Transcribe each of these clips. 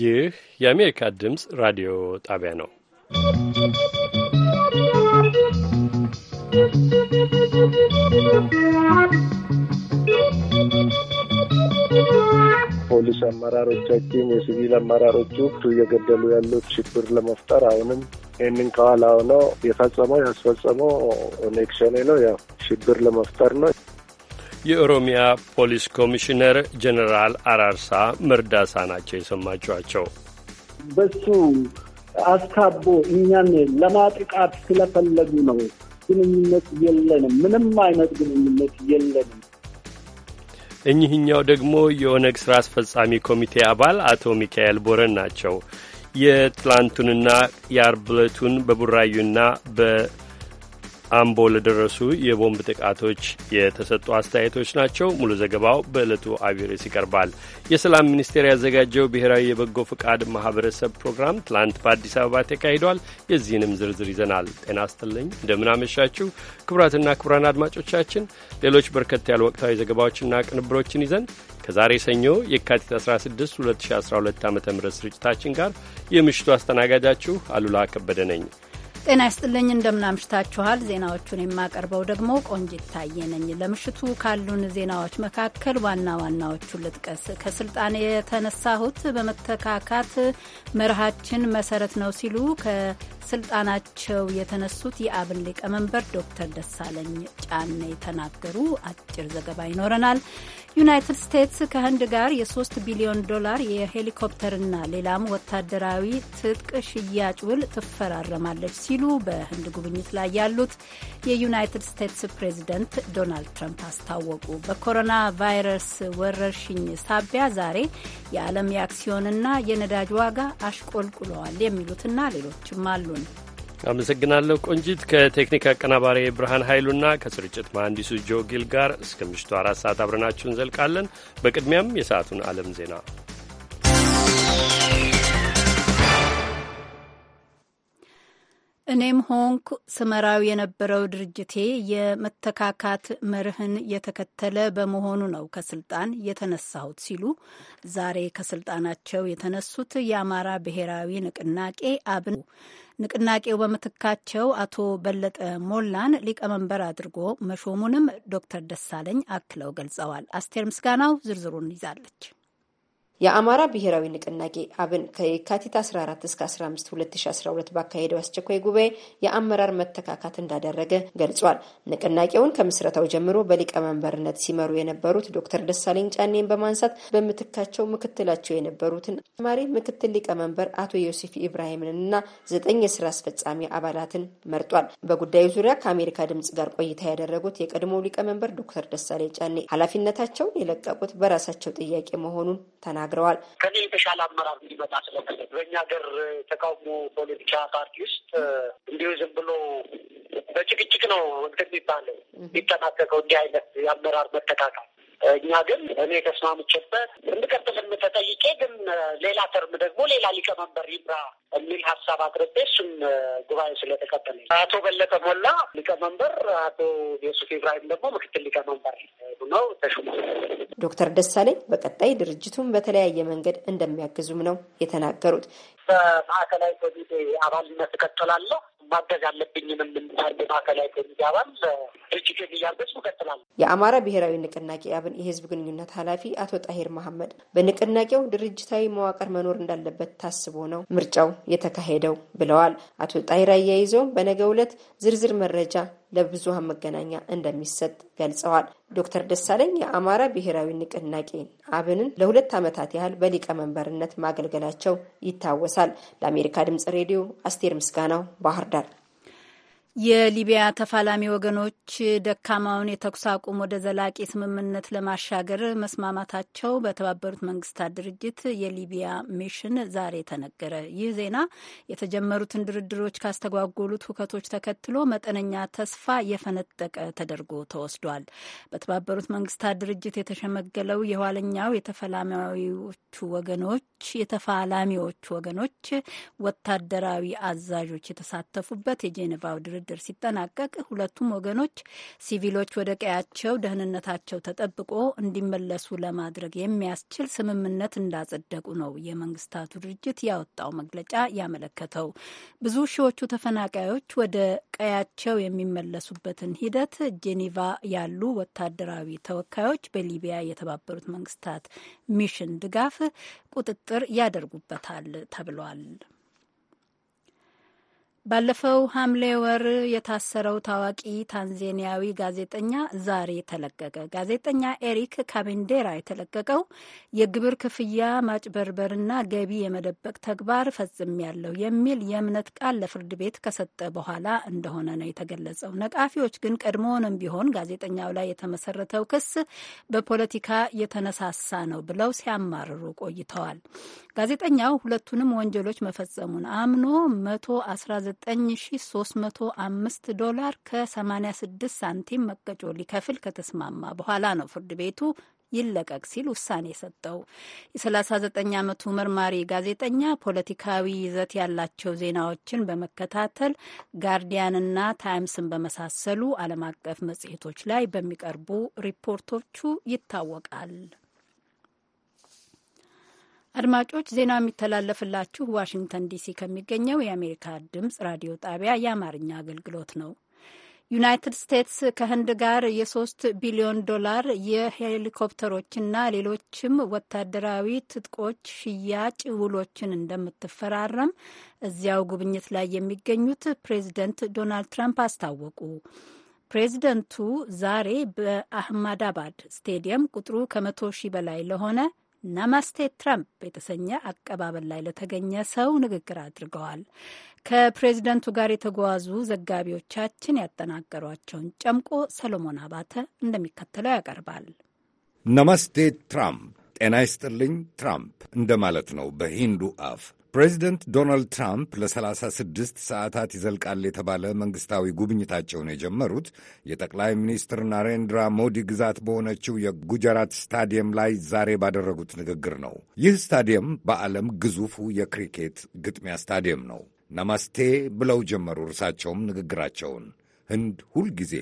ይህ የአሜሪካ ድምፅ ራዲዮ ጣቢያ ነው። ፖሊስ አመራሮቻችን፣ የሲቪል አመራሮቹ እየገደሉ ያሉት ችግር ለመፍጠር አሁንም ይህንን ከኋላ ሆነው የፈጸመው ያስፈጸመው ኔክሸኔ ነው። ያው ሽብር ለመፍጠር ነው። የኦሮሚያ ፖሊስ ኮሚሽነር ጀኔራል አራርሳ መርዳሳ ናቸው የሰማችኋቸው። በሱ አስታቦ እኛን ለማጥቃት ስለፈለጉ ነው። ግንኙነት የለንም፣ ምንም አይነት ግንኙነት የለንም። እኚህኛው ደግሞ የኦነግ ስራ አስፈጻሚ ኮሚቴ አባል አቶ ሚካኤል ቦረን ናቸው። የትላንቱንና የአርብ ዕለቱን በቡራዩና አምቦ ለደረሱ የቦምብ ጥቃቶች የተሰጡ አስተያየቶች ናቸው። ሙሉ ዘገባው በዕለቱ አቢሬስ ይቀርባል። የሰላም ሚኒስቴር ያዘጋጀው ብሔራዊ የበጎ ፈቃድ ማህበረሰብ ፕሮግራም ትላንት በአዲስ አበባ ተካሂዷል። የዚህንም ዝርዝር ይዘናል። ጤና ይስጥልኝ፣ እንደምናመሻችሁ ክቡራትና ክቡራን አድማጮቻችን ሌሎች በርከት ያሉ ወቅታዊ ዘገባዎችና ቅንብሮችን ይዘን ከዛሬ ሰኞ የካቲት 16 2012 ዓ ም ስርጭታችን ጋር የምሽቱ አስተናጋጃችሁ አሉላ ከበደ ነኝ። ጤና ይስጥልኝ እንደምናምሽታችኋል። ዜናዎቹን የማቀርበው ደግሞ ቆንጂት ታዬ ነኝ። ለምሽቱ ካሉን ዜናዎች መካከል ዋና ዋናዎቹን ልጥቀስ። ከስልጣን የተነሳሁት በመተካካት መርሃችን መሰረት ነው ሲሉ ከስልጣናቸው የተነሱት የአብን ሊቀመንበር ዶክተር ደሳለኝ ጫኔ ተናገሩ። አጭር ዘገባ ይኖረናል። ዩናይትድ ስቴትስ ከህንድ ጋር የሶስት ቢሊዮን ዶላር የሄሊኮፕተርና ሌላም ወታደራዊ ትጥቅ ሽያጭ ውል ትፈራረማለች ሲሉ በህንድ ጉብኝት ላይ ያሉት የዩናይትድ ስቴትስ ፕሬዚደንት ዶናልድ ትራምፕ አስታወቁ። በኮሮና ቫይረስ ወረርሽኝ ሳቢያ ዛሬ የዓለም የአክሲዮንና የነዳጅ ዋጋ አሽቆልቁለዋል የሚሉትና ሌሎችም አሉን። አመሰግናለሁ ቆንጂት። ከቴክኒክ አቀናባሪ ብርሃን ኃይሉና ከስርጭት መሐንዲሱ ጊል ጋር እስከ ምሽቱ አራት ሰዓት አብረናችሁ እንዘልቃለን። በቅድሚያም የሰዓቱን ዓለም ዜና እኔም ሆንኩ ስመራው የነበረው ድርጅቴ የመተካካት መርህን የተከተለ በመሆኑ ነው ከስልጣን የተነሳሁት ሲሉ ዛሬ ከስልጣናቸው የተነሱት የአማራ ብሔራዊ ንቅናቄ አብን ንቅናቄው በምትካቸው አቶ በለጠ ሞላን ሊቀመንበር አድርጎ መሾሙንም ዶክተር ደሳለኝ አክለው ገልጸዋል። አስቴር ምስጋናው ዝርዝሩን ይዛለች። የአማራ ብሔራዊ ንቅናቄ አብን ከየካቲት 14 እስከ 15 2012 ባካሄደው አስቸኳይ ጉባኤ የአመራር መተካካት እንዳደረገ ገልጿል። ንቅናቄውን ከምስረታው ጀምሮ በሊቀመንበርነት ሲመሩ የነበሩት ዶክተር ደሳለኝ ጫኔን በማንሳት በምትካቸው ምክትላቸው የነበሩትን ተጨማሪ ምክትል ሊቀመንበር አቶ ዮሴፍ ኢብራሂምንና ዘጠኝ የስራ አስፈጻሚ አባላትን መርጧል። በጉዳዩ ዙሪያ ከአሜሪካ ድምጽ ጋር ቆይታ ያደረጉት የቀድሞው ሊቀመንበር ዶክተር ደሳለኝ ጫኔ ኃላፊነታቸውን የለቀቁት በራሳቸው ጥያቄ መሆኑን ተናግረዋል። ተናግረዋል። ከኔ የተሻለ አመራር እንዲመጣ ስለፈለግ በእኛ ሀገር ተቃውሞ ፖለቲካ ፓርቲ ውስጥ እንዲሁ ዝም ብሎ በጭቅጭቅ ነው እንትን የሚባለው የሚጠናቀቀው እንዲህ አይነት የአመራር መተካካል እኛ ግን እኔ ተስማምቼበት እንድቀጥል የምተጠይቄ ግን ሌላ ተርም ደግሞ ሌላ ሊቀመንበር ይምራ የሚል ሀሳብ አቅርቤ እሱም ጉባኤ ስለተቀበለ አቶ በለጠ ሞላ ሊቀመንበር፣ አቶ የሱፍ ኢብራሂም ደግሞ ምክትል ሊቀመንበር ነው ተሹሞ ዶክተር ደሳለኝ በቀጣይ ድርጅቱን በተለያየ መንገድ እንደሚያግዙም ነው የተናገሩት። በማዕከላዊ ኮሚቴ አባልነት እቀጥላለሁ። ማገዝ ያለብኝንም የምንሳር ማዕከላዊ ኮሚቴ አባል ድርጅት የሚያገዝ እቀጥላለሁ። የአማራ ብሔራዊ ንቅናቄ አብን የህዝብ ግንኙነት ኃላፊ አቶ ጣሄር መሐመድ በንቅናቄው ድርጅታዊ መዋቅር መኖር እንዳለበት ታስቦ ነው ምርጫው የተካሄደው ብለዋል። አቶ ጣሄር አያይዘውም በነገው ዕለት ዝርዝር መረጃ ለብዙሃን መገናኛ እንደሚሰጥ ገልጸዋል። ዶክተር ደሳለኝ የአማራ ብሔራዊ ንቅናቄ አብንን ለሁለት ዓመታት ያህል በሊቀመንበርነት ማገልገላቸው ይታወሳል። ለአሜሪካ ድምጽ ሬዲዮ አስቴር ምስጋናው ባህር ዳር የሊቢያ ተፋላሚ ወገኖች ደካማውን የተኩስ አቁም ወደ ዘላቂ ስምምነት ለማሻገር መስማማታቸው በተባበሩት መንግስታት ድርጅት የሊቢያ ሚሽን ዛሬ ተነገረ። ይህ ዜና የተጀመሩትን ድርድሮች ካስተጓጎሉት ሁከቶች ተከትሎ መጠነኛ ተስፋ የፈነጠቀ ተደርጎ ተወስዷል። በተባበሩት መንግስታት ድርጅት የተሸመገለው የኋለኛው የተፋላሚዎቹ ወገኖች የተፋላሚዎቹ ወገኖች ወታደራዊ አዛዦች የተሳተፉበት የጄኔቫው ድርድር ድርድር ሲጠናቀቅ ሁለቱም ወገኖች ሲቪሎች ወደ ቀያቸው ደህንነታቸው ተጠብቆ እንዲመለሱ ለማድረግ የሚያስችል ስምምነት እንዳጸደቁ ነው የመንግስታቱ ድርጅት ያወጣው መግለጫ ያመለከተው። ብዙ ሺዎቹ ተፈናቃዮች ወደ ቀያቸው የሚመለሱበትን ሂደት ጄኔቫ ያሉ ወታደራዊ ተወካዮች በሊቢያ የተባበሩት መንግስታት ሚሽን ድጋፍ ቁጥጥር ያደርጉበታል ተብሏል። ባለፈው ሐምሌ ወር የታሰረው ታዋቂ ታንዜኒያዊ ጋዜጠኛ ዛሬ ተለቀቀ። ጋዜጠኛ ኤሪክ ካቤንዴራ የተለቀቀው የግብር ክፍያ ማጭበርበርና ገቢ የመደበቅ ተግባር ፈጽሜያለሁ የሚል የእምነት ቃል ለፍርድ ቤት ከሰጠ በኋላ እንደሆነ ነው የተገለጸው። ነቃፊዎች ግን ቀድሞውንም ቢሆን ጋዜጠኛው ላይ የተመሰረተው ክስ በፖለቲካ የተነሳሳ ነው ብለው ሲያማርሩ ቆይተዋል። ጋዜጠኛው ሁለቱንም ወንጀሎች መፈጸሙን አምኖ መቶ አስራ 9305 ዶላር ከ86 ሳንቲም መቀጮ ሊከፍል ከተስማማ በኋላ ነው ፍርድ ቤቱ ይለቀቅ ሲል ውሳኔ የሰጠው። የ39 ዓመቱ መርማሪ ጋዜጠኛ ፖለቲካዊ ይዘት ያላቸው ዜናዎችን በመከታተል ጋርዲያንና ታይምስን በመሳሰሉ ዓለም አቀፍ መጽሔቶች ላይ በሚቀርቡ ሪፖርቶቹ ይታወቃል። አድማጮች ዜናው የሚተላለፍላችሁ ዋሽንግተን ዲሲ ከሚገኘው የአሜሪካ ድምፅ ራዲዮ ጣቢያ የአማርኛ አገልግሎት ነው። ዩናይትድ ስቴትስ ከህንድ ጋር የሶስት ቢሊዮን ዶላር የሄሊኮፕተሮችና ሌሎችም ወታደራዊ ትጥቆች ሽያጭ ውሎችን እንደምትፈራረም እዚያው ጉብኝት ላይ የሚገኙት ፕሬዚደንት ዶናልድ ትራምፕ አስታወቁ። ፕሬዚደንቱ ዛሬ በአህማዳባድ ስቴዲየም ቁጥሩ ከመቶ ሺህ በላይ ለሆነ ናማስቴ ትራምፕ የተሰኘ አቀባበል ላይ ለተገኘ ሰው ንግግር አድርገዋል። ከፕሬዚደንቱ ጋር የተጓዙ ዘጋቢዎቻችን ያጠናቀሯቸውን ጨምቆ ሰሎሞን አባተ እንደሚከተለው ያቀርባል። ናማስቴ ትራምፕ ጤና ይስጥልኝ ትራምፕ እንደማለት ነው በሂንዱ አፍ። ፕሬዚደንት ዶናልድ ትራምፕ ለ36 ሰዓታት ይዘልቃል የተባለ መንግሥታዊ ጉብኝታቸውን የጀመሩት የጠቅላይ ሚኒስትር ናሬንድራ ሞዲ ግዛት በሆነችው የጉጀራት ስታዲየም ላይ ዛሬ ባደረጉት ንግግር ነው። ይህ ስታዲየም በዓለም ግዙፉ የክሪኬት ግጥሚያ ስታዲየም ነው። ናማስቴ ብለው ጀመሩ እርሳቸውም ንግግራቸውን። ህንድ ሁልጊዜ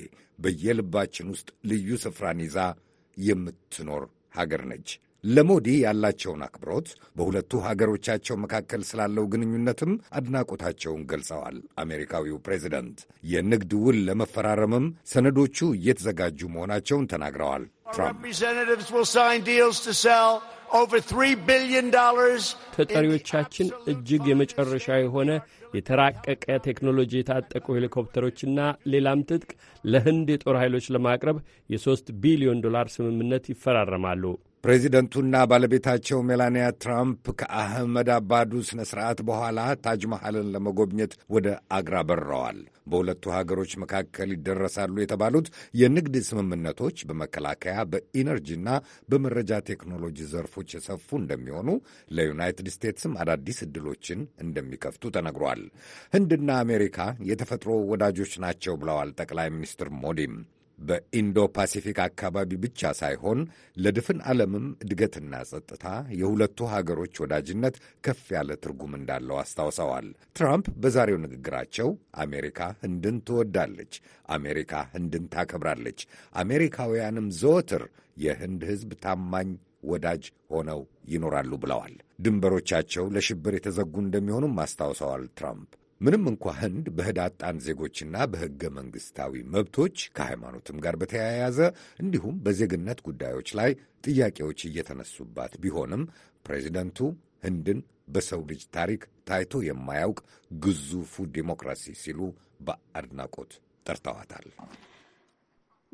በየልባችን ውስጥ ልዩ ስፍራን ይዛ የምትኖር ሀገር ነች። ለሞዲ ያላቸውን አክብሮት በሁለቱ ሀገሮቻቸው መካከል ስላለው ግንኙነትም አድናቆታቸውን ገልጸዋል። አሜሪካዊው ፕሬዚደንት የንግድ ውል ለመፈራረምም ሰነዶቹ እየተዘጋጁ መሆናቸውን ተናግረዋል። ተጠሪዎቻችን እጅግ የመጨረሻ የሆነ የተራቀቀ ቴክኖሎጂ የታጠቁ ሄሊኮፕተሮችና ሌላም ትጥቅ ለህንድ የጦር ኃይሎች ለማቅረብ የሶስት ቢሊዮን ዶላር ስምምነት ይፈራረማሉ። ፕሬዚደንቱና ባለቤታቸው ሜላንያ ትራምፕ ከአህመድ አባዱ ሥነ ሥርዓት በኋላ ታጅ መሐልን ለመጎብኘት ወደ አግራ በረዋል። በሁለቱ ሀገሮች መካከል ይደረሳሉ የተባሉት የንግድ ስምምነቶች በመከላከያ በኢነርጂና በመረጃ ቴክኖሎጂ ዘርፎች የሰፉ እንደሚሆኑ ለዩናይትድ ስቴትስም አዳዲስ ዕድሎችን እንደሚከፍቱ ተነግሯል። ህንድና አሜሪካ የተፈጥሮ ወዳጆች ናቸው ብለዋል ጠቅላይ ሚኒስትር ሞዲም በኢንዶ ፓሲፊክ አካባቢ ብቻ ሳይሆን ለድፍን ዓለምም እድገትና ጸጥታ የሁለቱ ሀገሮች ወዳጅነት ከፍ ያለ ትርጉም እንዳለው አስታውሰዋል። ትራምፕ በዛሬው ንግግራቸው አሜሪካ ህንድን ትወዳለች፣ አሜሪካ ህንድን ታከብራለች፣ አሜሪካውያንም ዘወትር የህንድ ህዝብ ታማኝ ወዳጅ ሆነው ይኖራሉ ብለዋል። ድንበሮቻቸው ለሽብር የተዘጉ እንደሚሆኑም አስታውሰዋል ትራምፕ ምንም እንኳ ህንድ በህዳጣን ዜጎችና በህገ መንግስታዊ መብቶች ከሃይማኖትም ጋር በተያያዘ እንዲሁም በዜግነት ጉዳዮች ላይ ጥያቄዎች እየተነሱባት ቢሆንም ፕሬዚደንቱ ህንድን በሰው ልጅ ታሪክ ታይቶ የማያውቅ ግዙፉ ዲሞክራሲ ሲሉ በአድናቆት ጠርተዋታል።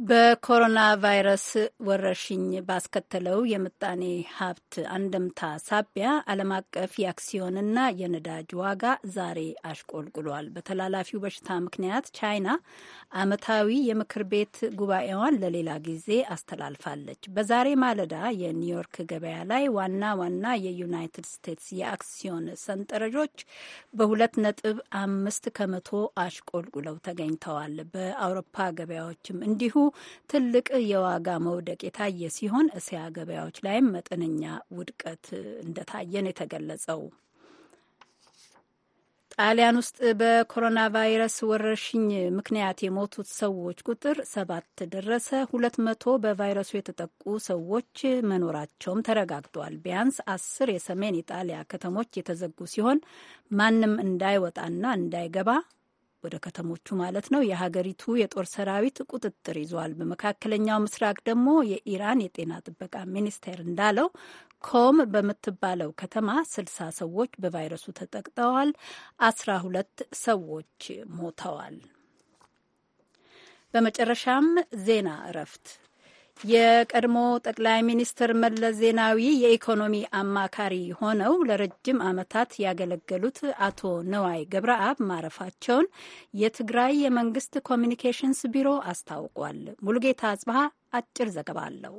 በኮሮና ቫይረስ ወረርሽኝ ባስከተለው የምጣኔ ሀብት አንድምታ ሳቢያ ዓለም አቀፍ የአክሲዮንና የነዳጅ ዋጋ ዛሬ አሽቆልቁሏል። በተላላፊው በሽታ ምክንያት ቻይና ዓመታዊ የምክር ቤት ጉባኤዋን ለሌላ ጊዜ አስተላልፋለች። በዛሬ ማለዳ የኒውዮርክ ገበያ ላይ ዋና ዋና የዩናይትድ ስቴትስ የአክሲዮን ሰንጠረዦች በሁለት ነጥብ አምስት ከመቶ አሽቆልቁለው ተገኝተዋል። በአውሮፓ ገበያዎችም እንዲሁ ትልቅ የዋጋ መውደቅ የታየ ሲሆን እስያ ገበያዎች ላይም መጠነኛ ውድቀት እንደታየ ነው የተገለጸው። ጣሊያን ውስጥ በኮሮና ቫይረስ ወረርሽኝ ምክንያት የሞቱት ሰዎች ቁጥር ሰባት ደረሰ። ሁለት መቶ በቫይረሱ የተጠቁ ሰዎች መኖራቸውም ተረጋግጧል። ቢያንስ አስር የሰሜን ኢጣሊያ ከተሞች የተዘጉ ሲሆን ማንም እንዳይወጣና እንዳይገባ ወደ ከተሞቹ ማለት ነው የሀገሪቱ የጦር ሰራዊት ቁጥጥር ይዟል። በመካከለኛው ምስራቅ ደግሞ የኢራን የጤና ጥበቃ ሚኒስቴር እንዳለው ኮም በምትባለው ከተማ ስልሳ ሰዎች በቫይረሱ ተጠቅተዋል፣ አስራ ሁለት ሰዎች ሞተዋል። በመጨረሻም ዜና እረፍት የቀድሞ ጠቅላይ ሚኒስትር መለስ ዜናዊ የኢኮኖሚ አማካሪ ሆነው ለረጅም ዓመታት ያገለገሉት አቶ ነዋይ ገብረአብ ማረፋቸውን የትግራይ የመንግስት ኮሚኒኬሽንስ ቢሮ አስታውቋል። ሙሉጌታ አጽብሃ አጭር ዘገባ አለው።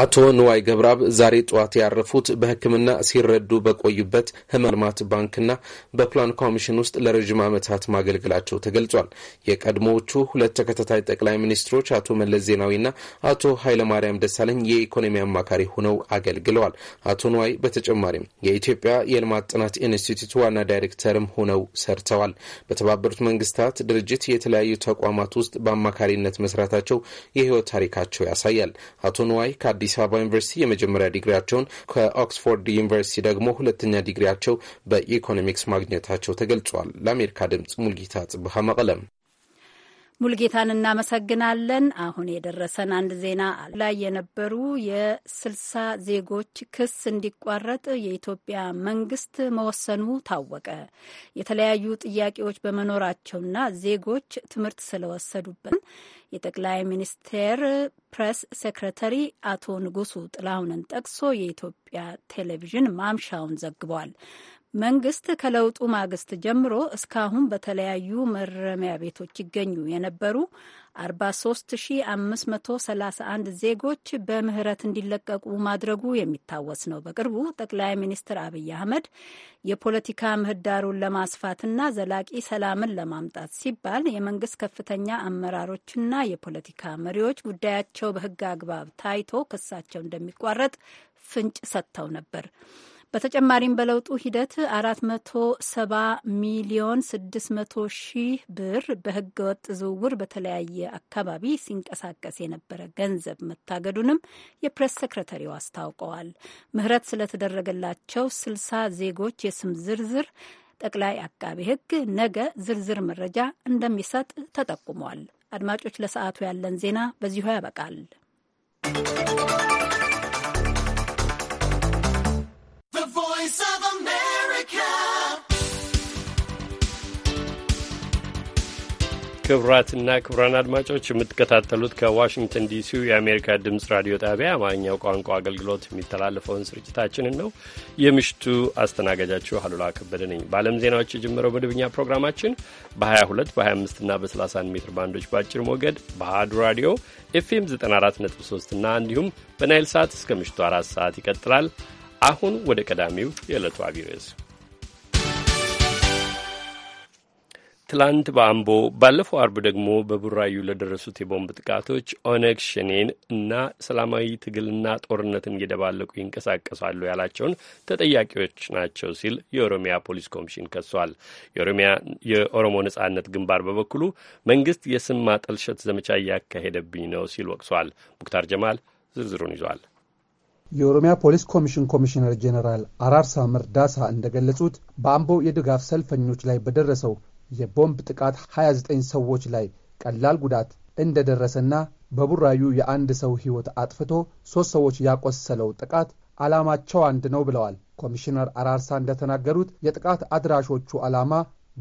አቶ ንዋይ ገብረአብ ዛሬ ጠዋት ያረፉት በሕክምና ሲረዱ በቆዩበት ህመም ልማት ባንክና በፕላን ኮሚሽን ውስጥ ለረዥም ዓመታት ማገልገላቸው ተገልጿል። የቀድሞዎቹ ሁለት ተከታታይ ጠቅላይ ሚኒስትሮች አቶ መለስ ዜናዊና አቶ ኃይለማርያም ደሳለኝ የኢኮኖሚ አማካሪ ሆነው አገልግለዋል። አቶ ንዋይ በተጨማሪም የኢትዮጵያ የልማት ጥናት ኢንስቲትዩት ዋና ዳይሬክተርም ሆነው ሰርተዋል። በተባበሩት መንግስታት ድርጅት የተለያዩ ተቋማት ውስጥ በአማካሪነት መስራታቸው የህይወት ታሪካቸው ያሳያል። አቶ ንዋይ ከአዲስ በአዲስ አበባ ዩኒቨርሲቲ የመጀመሪያ ዲግሪያቸውን ከኦክስፎርድ ዩኒቨርሲቲ ደግሞ ሁለተኛ ዲግሪያቸው በኢኮኖሚክስ ማግኘታቸው ተገልጿል። ለአሜሪካ ድምጽ ሙልጌታ ጽብሃ መቀለም ሙልጌታን እናመሰግናለን። አሁን የደረሰን አንድ ዜና ላይ የነበሩ የስልሳ ዜጎች ክስ እንዲቋረጥ የኢትዮጵያ መንግስት መወሰኑ ታወቀ። የተለያዩ ጥያቄዎች በመኖራቸውና ዜጎች ትምህርት ስለወሰዱበት የጠቅላይ ሚኒስቴር ፕሬስ ሴክረተሪ አቶ ንጉሱ ጥላሁንን ጠቅሶ የኢትዮጵያ ቴሌቪዥን ማምሻውን ዘግቧል። መንግስት ከለውጡ ማግስት ጀምሮ እስካሁን በተለያዩ መረሚያ ቤቶች ይገኙ የነበሩ 43531 ዜጎች በምህረት እንዲለቀቁ ማድረጉ የሚታወስ ነው። በቅርቡ ጠቅላይ ሚኒስትር አብይ አህመድ የፖለቲካ ምህዳሩን ለማስፋትና ዘላቂ ሰላምን ለማምጣት ሲባል የመንግስት ከፍተኛ አመራሮችና የፖለቲካ መሪዎች ጉዳያቸው በህግ አግባብ ታይቶ ክሳቸው እንደሚቋረጥ ፍንጭ ሰጥተው ነበር። በተጨማሪም በለውጡ ሂደት 470 ሚሊዮን 600 ሺህ ብር በህገወጥ ዝውውር በተለያየ አካባቢ ሲንቀሳቀስ የነበረ ገንዘብ መታገዱንም የፕሬስ ሰክረተሪው አስታውቀዋል። ምህረት ስለተደረገላቸው 60 ዜጎች የስም ዝርዝር ጠቅላይ አቃቤ ሕግ ነገ ዝርዝር መረጃ እንደሚሰጥ ተጠቁሟል። አድማጮች፣ ለሰዓቱ ያለን ዜና በዚሁ ያበቃል። ክቡራትና ክቡራን አድማጮች የምትከታተሉት ከዋሽንግተን ዲሲው የአሜሪካ ድምፅ ራዲዮ ጣቢያ አማርኛው ቋንቋ አገልግሎት የሚተላለፈውን ስርጭታችንን ነው። የምሽቱ አስተናጋጃችሁ አሉላ ከበደ ነኝ። በዓለም ዜናዎች የጀመረው መደበኛ ፕሮግራማችን በ22 በ25 እና በ31 ሜትር ባንዶች በአጭር ሞገድ በአሀዱ ራዲዮ ኤፍኤም 94.3 እና እንዲሁም በናይል ሰዓት እስከ ምሽቱ አራት ሰዓት ይቀጥላል። አሁን ወደ ቀዳሚው የዕለቱ አቢይ ርዕስ ትላንት በአምቦ ባለፈው አርብ ደግሞ በቡራዩ ለደረሱት የቦምብ ጥቃቶች ኦነግ ሸኔን እና ሰላማዊ ትግልና ጦርነትን እየደባለቁ ይንቀሳቀሳሉ ያላቸውን ተጠያቂዎች ናቸው ሲል የኦሮሚያ ፖሊስ ኮሚሽን ከሷል። የኦሮሞ ነጻነት ግንባር በበኩሉ መንግስት የስም ማጠልሸት ዘመቻ እያካሄደብኝ ነው ሲል ወቅሷል። ሙክታር ጀማል ዝርዝሩን ይዟል። የኦሮሚያ ፖሊስ ኮሚሽን ኮሚሽነር ጄኔራል አራርሳ መርዳሳ እንደገለጹት በአምቦ የድጋፍ ሰልፈኞች ላይ በደረሰው የቦምብ ጥቃት 29 ሰዎች ላይ ቀላል ጉዳት እንደደረሰና በቡራዩ የአንድ ሰው ሕይወት አጥፍቶ ሦስት ሰዎች ያቆሰለው ጥቃት ዓላማቸው አንድ ነው ብለዋል። ኮሚሽነር አራርሳ እንደተናገሩት የጥቃት አድራሾቹ ዓላማ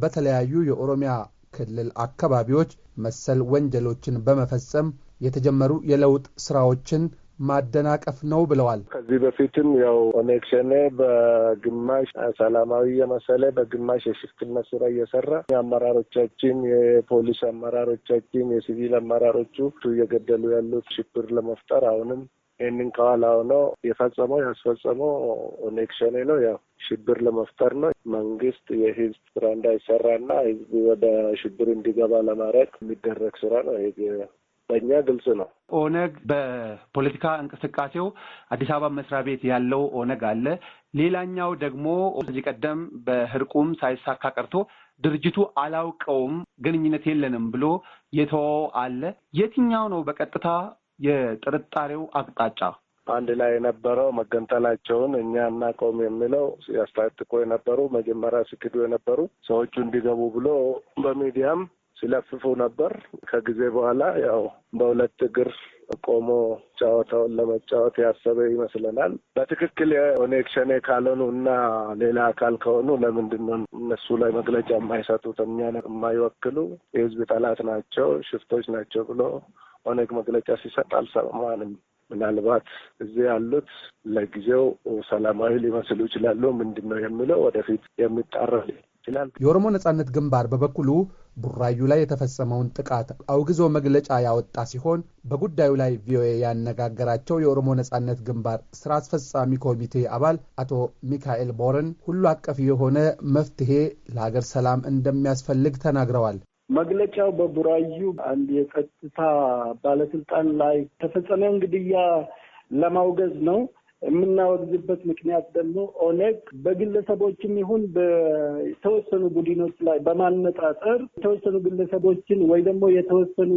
በተለያዩ የኦሮሚያ ክልል አካባቢዎች መሰል ወንጀሎችን በመፈጸም የተጀመሩ የለውጥ ሥራዎችን ማደናቀፍ ነው ብለዋል። ከዚህ በፊትም ያው ኮኔክሽን በግማሽ ሰላማዊ የመሰለ በግማሽ የሽፍትነት ስራ እየሰራ የአመራሮቻችን የፖሊስ አመራሮቻችን የሲቪል አመራሮቹ እየገደሉ ያሉት ሽብር ለመፍጠር አሁንም ይህንን ከኋላ ሆነው የፈጸመው ያስፈጸመው ኦኔክሽኔ ነው። ያው ሽብር ለመፍጠር ነው። መንግስት የህዝብ ስራ እንዳይሰራና ህዝብ ወደ ሽብር እንዲገባ ለማድረግ የሚደረግ ስራ ነው። በእኛ ግልጽ ነው። ኦነግ በፖለቲካ እንቅስቃሴው አዲስ አበባ መስሪያ ቤት ያለው ኦነግ አለ። ሌላኛው ደግሞ እዚህ ቀደም በህርቁም ሳይሳካ ቀርቶ ድርጅቱ አላውቀውም ግንኙነት የለንም ብሎ የተወው አለ። የትኛው ነው በቀጥታ የጥርጣሬው አቅጣጫ? አንድ ላይ የነበረው መገንጠላቸውን እኛ እናቀውም የሚለው ያስታጥቆ የነበሩ መጀመሪያ ሲክዱ የነበሩ ሰዎቹ እንዲገቡ ብሎ በሚዲያም ሲለፍፉ ነበር። ከጊዜ በኋላ ያው በሁለት እግር ቆሞ ጨዋታውን ለመጫወት ያሰበ ይመስለናል። በትክክል የኦኔክሽኔ ካልሆኑ እና ሌላ አካል ከሆኑ ለምንድን ነው እነሱ ላይ መግለጫ የማይሰጡት? እኛን የማይወክሉ የህዝብ ጠላት ናቸው፣ ሽፍቶች ናቸው ብሎ ኦኔግ መግለጫ ሲሰጥ አልሰማንም። ምናልባት እዚህ ያሉት ለጊዜው ሰላማዊ ሊመስሉ ይችላሉ። ምንድን ነው የሚለው ወደፊት የሚጣራ ይችላል። የኦሮሞ ነጻነት ግንባር በበኩሉ ቡራዩ ላይ የተፈጸመውን ጥቃት አውግዞ መግለጫ ያወጣ ሲሆን በጉዳዩ ላይ ቪኦኤ ያነጋገራቸው የኦሮሞ ነጻነት ግንባር ስራ አስፈጻሚ ኮሚቴ አባል አቶ ሚካኤል ቦረን ሁሉ አቀፍ የሆነ መፍትሄ ለሀገር ሰላም እንደሚያስፈልግ ተናግረዋል። መግለጫው በቡራዩ አንድ የጸጥታ ባለስልጣን ላይ ተፈጸመ እንግዲያ ለማውገዝ ነው። የምናወግዝበት ምክንያት ደግሞ ኦነግ በግለሰቦችም ይሁን በተወሰኑ ቡድኖች ላይ በማነጣጠር የተወሰኑ ግለሰቦችን ወይ ደግሞ የተወሰኑ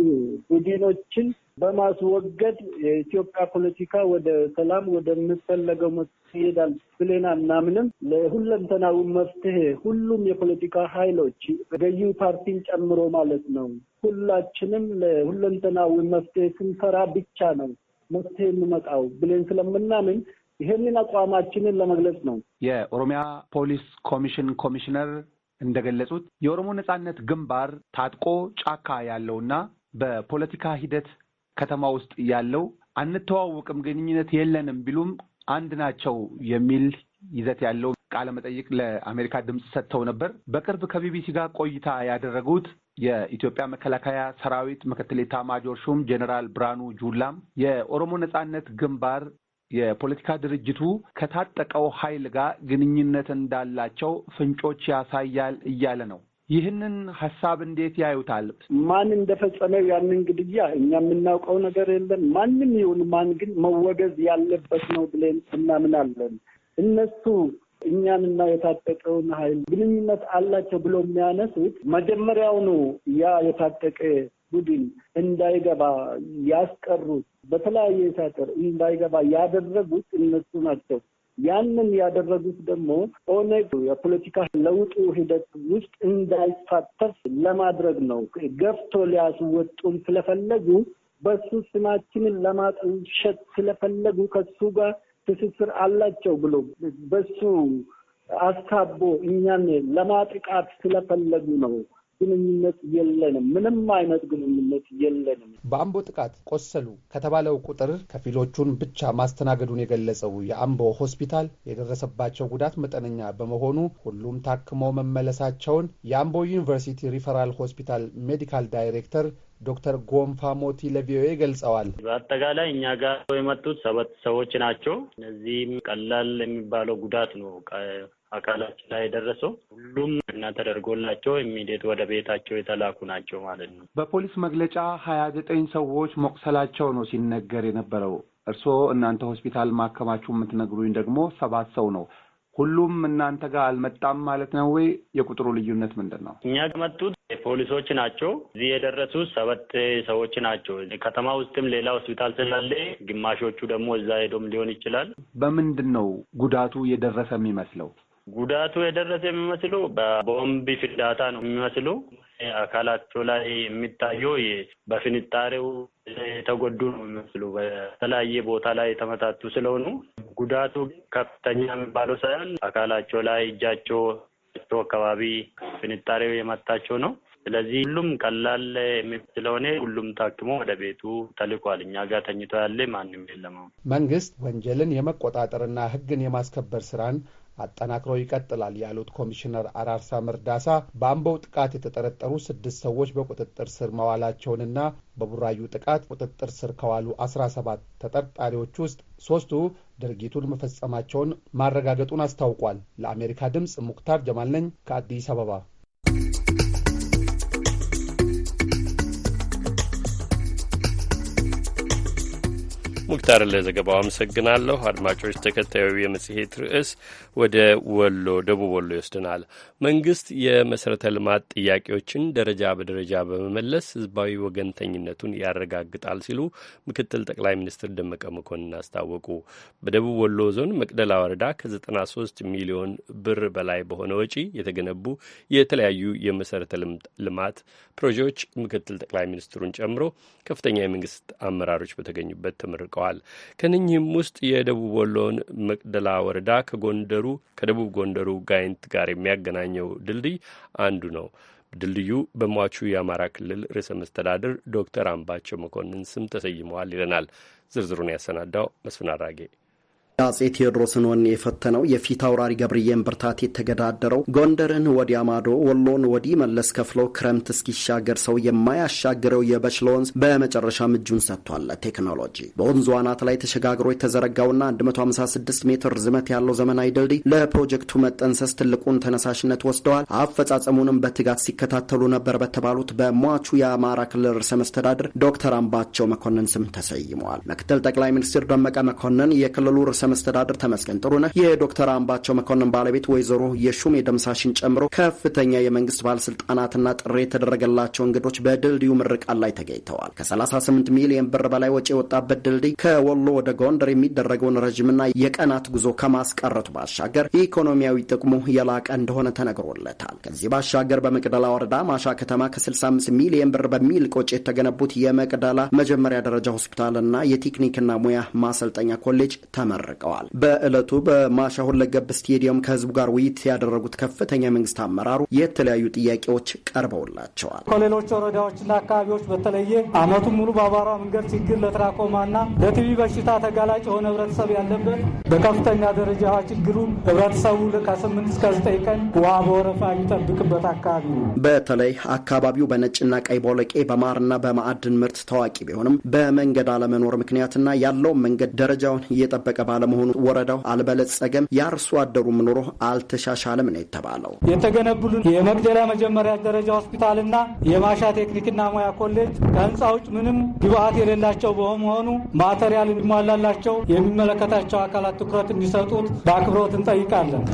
ቡድኖችን በማስወገድ የኢትዮጵያ ፖለቲካ ወደ ሰላም ወደሚፈለገው ይሄዳል ብሌና እናምንም። ለሁለንተናዊ መፍትሄ ሁሉም የፖለቲካ ኃይሎች ገዢው ፓርቲን ጨምሮ ማለት ነው ሁላችንም ለሁለንተናዊ መፍትሄ ስንሰራ ብቻ ነው መፍትሄ የምመጣው ብለን ስለምናምን ይሄንን አቋማችንን ለመግለጽ ነው። የኦሮሚያ ፖሊስ ኮሚሽን ኮሚሽነር እንደገለጹት የኦሮሞ ነጻነት ግንባር ታጥቆ ጫካ ያለውና በፖለቲካ ሂደት ከተማ ውስጥ ያለው አንተዋወቅም፣ ግንኙነት የለንም ቢሉም አንድ ናቸው የሚል ይዘት ያለው ቃለ መጠይቅ ለአሜሪካ ድምፅ ሰጥተው ነበር። በቅርብ ከቢቢሲ ጋር ቆይታ ያደረጉት የኢትዮጵያ መከላከያ ሰራዊት ምክትል ኤታማዦር ሹም ጀኔራል ብርሃኑ ጁላም የኦሮሞ ነጻነት ግንባር የፖለቲካ ድርጅቱ ከታጠቀው ኃይል ጋር ግንኙነት እንዳላቸው ፍንጮች ያሳያል እያለ ነው። ይህንን ሀሳብ እንዴት ያዩታል? ማን እንደፈጸመው ያንን ግድያ እኛ የምናውቀው ነገር የለም። ማንም ይሁን ማን ግን መወገዝ ያለበት ነው ብለን እናምናለን። እነሱ እኛንና የታጠቀውን ኃይል ግንኙነት አላቸው ብሎ የሚያነሱት መጀመሪያውኑ ያ የታጠቀ ቡድን እንዳይገባ ያስቀሩት በተለያየ ሳጥር እንዳይገባ ያደረጉት እነሱ ናቸው። ያንን ያደረጉት ደግሞ ኦነግ የፖለቲካ ለውጡ ሂደት ውስጥ እንዳይሳተፍ ለማድረግ ነው። ገፍቶ ሊያስወጡን ስለፈለጉ በሱ ስማችንን ለማጠልሸት ስለፈለጉ ከሱ ጋር ትስስር አላቸው ብሎ በሱ አስታቦ እኛን ለማጥቃት ስለፈለጉ ነው። ግንኙነት የለንም። ምንም አይነት ግንኙነት የለንም። በአምቦ ጥቃት ቆሰሉ ከተባለው ቁጥር ከፊሎቹን ብቻ ማስተናገዱን የገለጸው የአምቦ ሆስፒታል የደረሰባቸው ጉዳት መጠነኛ በመሆኑ ሁሉም ታክሞ መመለሳቸውን የአምቦ ዩኒቨርሲቲ ሪፈራል ሆስፒታል ሜዲካል ዳይሬክተር ዶክተር ጎንፋ ሞቲ ለቪኦኤ ገልጸዋል። በአጠቃላይ እኛ ጋር የመጡት ሰባት ሰዎች ናቸው። እነዚህም ቀላል የሚባለው ጉዳት ነው አካላችን ላይ የደረሰው ሁሉም እና ተደርጎላቸው የሚሄድ ወደ ቤታቸው የተላኩ ናቸው ማለት ነው። በፖሊስ መግለጫ ሀያ ዘጠኝ ሰዎች መቁሰላቸው ነው ሲነገር የነበረው። እርስዎ እናንተ ሆስፒታል ማከማችሁ የምትነግሩኝ ደግሞ ሰባት ሰው ነው። ሁሉም እናንተ ጋር አልመጣም ማለት ነው ወይ? የቁጥሩ ልዩነት ምንድን ነው? እኛ ከመጡት ፖሊሶች ናቸው። እዚህ የደረሱ ሰባት ሰዎች ናቸው። ከተማ ውስጥም ሌላ ሆስፒታል ስላለ ግማሾቹ ደግሞ እዛ ሄዶም ሊሆን ይችላል። በምንድን ነው ጉዳቱ የደረሰ የሚመስለው? ጉዳቱ የደረሰ የሚመስለው በቦምብ ፍንዳታ ነው የሚመስለው። አካላቸው ላይ የሚታየው በፍንጣሬው የተጎዱ ነው የሚመስሉ በተለያየ ቦታ ላይ የተመታቱ ስለሆኑ ጉዳቱ ከፍተኛ የሚባለው ሳይሆን አካላቸው ላይ እጃቸው አካባቢ ፍንጣሬው የመታቸው ነው። ስለዚህ ሁሉም ቀላል ስለሆነ ሁሉም ታክሞ ወደ ቤቱ ተልኳል። እኛ ጋር ተኝቶ ያለ ማንም የለም። መንግስት ወንጀልን የመቆጣጠርና ህግን የማስከበር ስራን አጠናክሮ ይቀጥላል ያሉት ኮሚሽነር አራርሳ መርዳሳ በአምቦው ጥቃት የተጠረጠሩ ስድስት ሰዎች በቁጥጥር ስር መዋላቸውንና በቡራዩ ጥቃት ቁጥጥር ስር ከዋሉ 17 ተጠርጣሪዎች ውስጥ ሦስቱ ድርጊቱን መፈጸማቸውን ማረጋገጡን አስታውቋል። ለአሜሪካ ድምፅ ሙክታር ጀማል ነኝ ከአዲስ አበባ ሙክታር ለዘገባው አመሰግናለሁ። አድማጮች፣ ተከታዩ የመጽሔት ርዕስ ወደ ወሎ ደቡብ ወሎ ይወስድናል። መንግስት የመሠረተ ልማት ጥያቄዎችን ደረጃ በደረጃ በመመለስ ህዝባዊ ወገንተኝነቱን ያረጋግጣል ሲሉ ምክትል ጠቅላይ ሚኒስትር ደመቀ መኮንን አስታወቁ። በደቡብ ወሎ ዞን መቅደላ ወረዳ ከ93 ሚሊዮን ብር በላይ በሆነ ወጪ የተገነቡ የተለያዩ የመሠረተ ልማት ፕሮጀክቶች ምክትል ጠቅላይ ሚኒስትሩን ጨምሮ ከፍተኛ የመንግስት አመራሮች በተገኙበት ተመርቀ አስታውቀዋል። ከእነኚህም ውስጥ የደቡብ ወሎን መቅደላ ወረዳ ከጎንደሩ ከደቡብ ጎንደሩ ጋይንት ጋር የሚያገናኘው ድልድይ አንዱ ነው። ድልድዩ በሟቹ የአማራ ክልል ርዕሰ መስተዳድር ዶክተር አምባቸው መኮንን ስም ተሰይመዋል ይለናል። ዝርዝሩን ያሰናዳው መስፍን አራጌ የአጼ ቴዎድሮስን ወኔ የፈተነው የፊት አውራሪ ገብርዬን ብርታት የተገዳደረው ጎንደርን ወዲያ ማዶ ወሎን ወዲህ መለስ ከፍሎ ክረምት እስኪሻገር ሰው የማያሻግረው የበሽለ ወንዝ በመጨረሻም እጁን ሰጥቷል ቴክኖሎጂ። በወንዙ አናት ላይ ተሸጋግሮ የተዘረጋውና 156 ሜትር ዝመት ያለው ዘመናዊ ድልድይ ለፕሮጀክቱ መጠንሰስ ትልቁን ተነሳሽነት ወስደዋል። አፈጻጸሙንም በትጋት ሲከታተሉ ነበር በተባሉት በሟቹ የአማራ ክልል ርዕሰ መስተዳድር ዶክተር አምባቸው መኮንን ስም ተሰይመዋል። ምክትል ጠቅላይ ሚኒስትር ደመቀ መኮንን የክልሉ ርዕሰ መስተዳድር ተመስገን ጥሩነህ የዶክተር አምባቸው መኮንን ባለቤት ወይዘሮ የሹሜ ደምሳሽን ጨምሮ ከፍተኛ የመንግስት ባለስልጣናትና ጥሪ የተደረገላቸው እንግዶች በድልድዩ ምርቃት ላይ ተገኝተዋል። ከ38 ሚሊዮን ብር በላይ ወጪ የወጣበት ድልድይ ከወሎ ወደ ጎንደር የሚደረገውን ረዥምና የቀናት ጉዞ ከማስቀረቱ ባሻገር ኢኮኖሚያዊ ጥቅሙ የላቀ እንደሆነ ተነግሮለታል። ከዚህ ባሻገር በመቅደላ ወረዳ ማሻ ከተማ ከ65 ሚሊዮን ብር በሚልቅ ወጪ የተገነቡት የመቅደላ መጀመሪያ ደረጃ ሆስፒታልና የቴክኒክና ሙያ ማሰልጠኛ ኮሌጅ ተመረቀ። ተመርቀዋል። በዕለቱ በማሻ ሁለገብ ስቴዲየም ከህዝቡ ጋር ውይይት ያደረጉት ከፍተኛ የመንግስት አመራሩ የተለያዩ ጥያቄዎች ቀርበውላቸዋል። ከሌሎች ወረዳዎችና አካባቢዎች በተለየ አመቱ ሙሉ በአቧራ መንገድ ችግር ለትራኮማና ለቲቪ በሽታ ተጋላጭ የሆነ ህብረተሰብ ያለበት በከፍተኛ ደረጃ ችግሩን ህብረተሰቡ ከ8 እስከ 9 ቀን ውሃ በወረፋ የሚጠብቅበት አካባቢ ነው። በተለይ አካባቢው በነጭና ቀይ ቦለቄ በማርና በማዕድን ምርት ታዋቂ ቢሆንም በመንገድ አለመኖር ምክንያትና ያለውን መንገድ ደረጃውን እየጠበቀ ባለ ባለመሆኑ ወረዳው አልበለጸገም፣ የአርሶ አደሩም ኑሮ አልተሻሻለም ነው የተባለው። የተገነቡልን የመቅደላ መጀመሪያ ደረጃ ሆስፒታልና የማሻ ቴክኒክና ሙያ ኮሌጅ ከህንፃ ውጭ ምንም ግብአት የሌላቸው በመሆኑ ማተሪያል እንዲሟላላቸው የሚመለከታቸው አካላት ትኩረት እንዲሰጡት በአክብሮት እንጠይቃለን።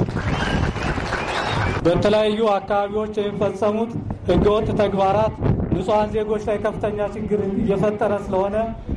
በተለያዩ አካባቢዎች የሚፈጸሙት ህገወጥ ተግባራት ንጹሐን ዜጎች ላይ ከፍተኛ ችግር እየፈጠረ ስለሆነ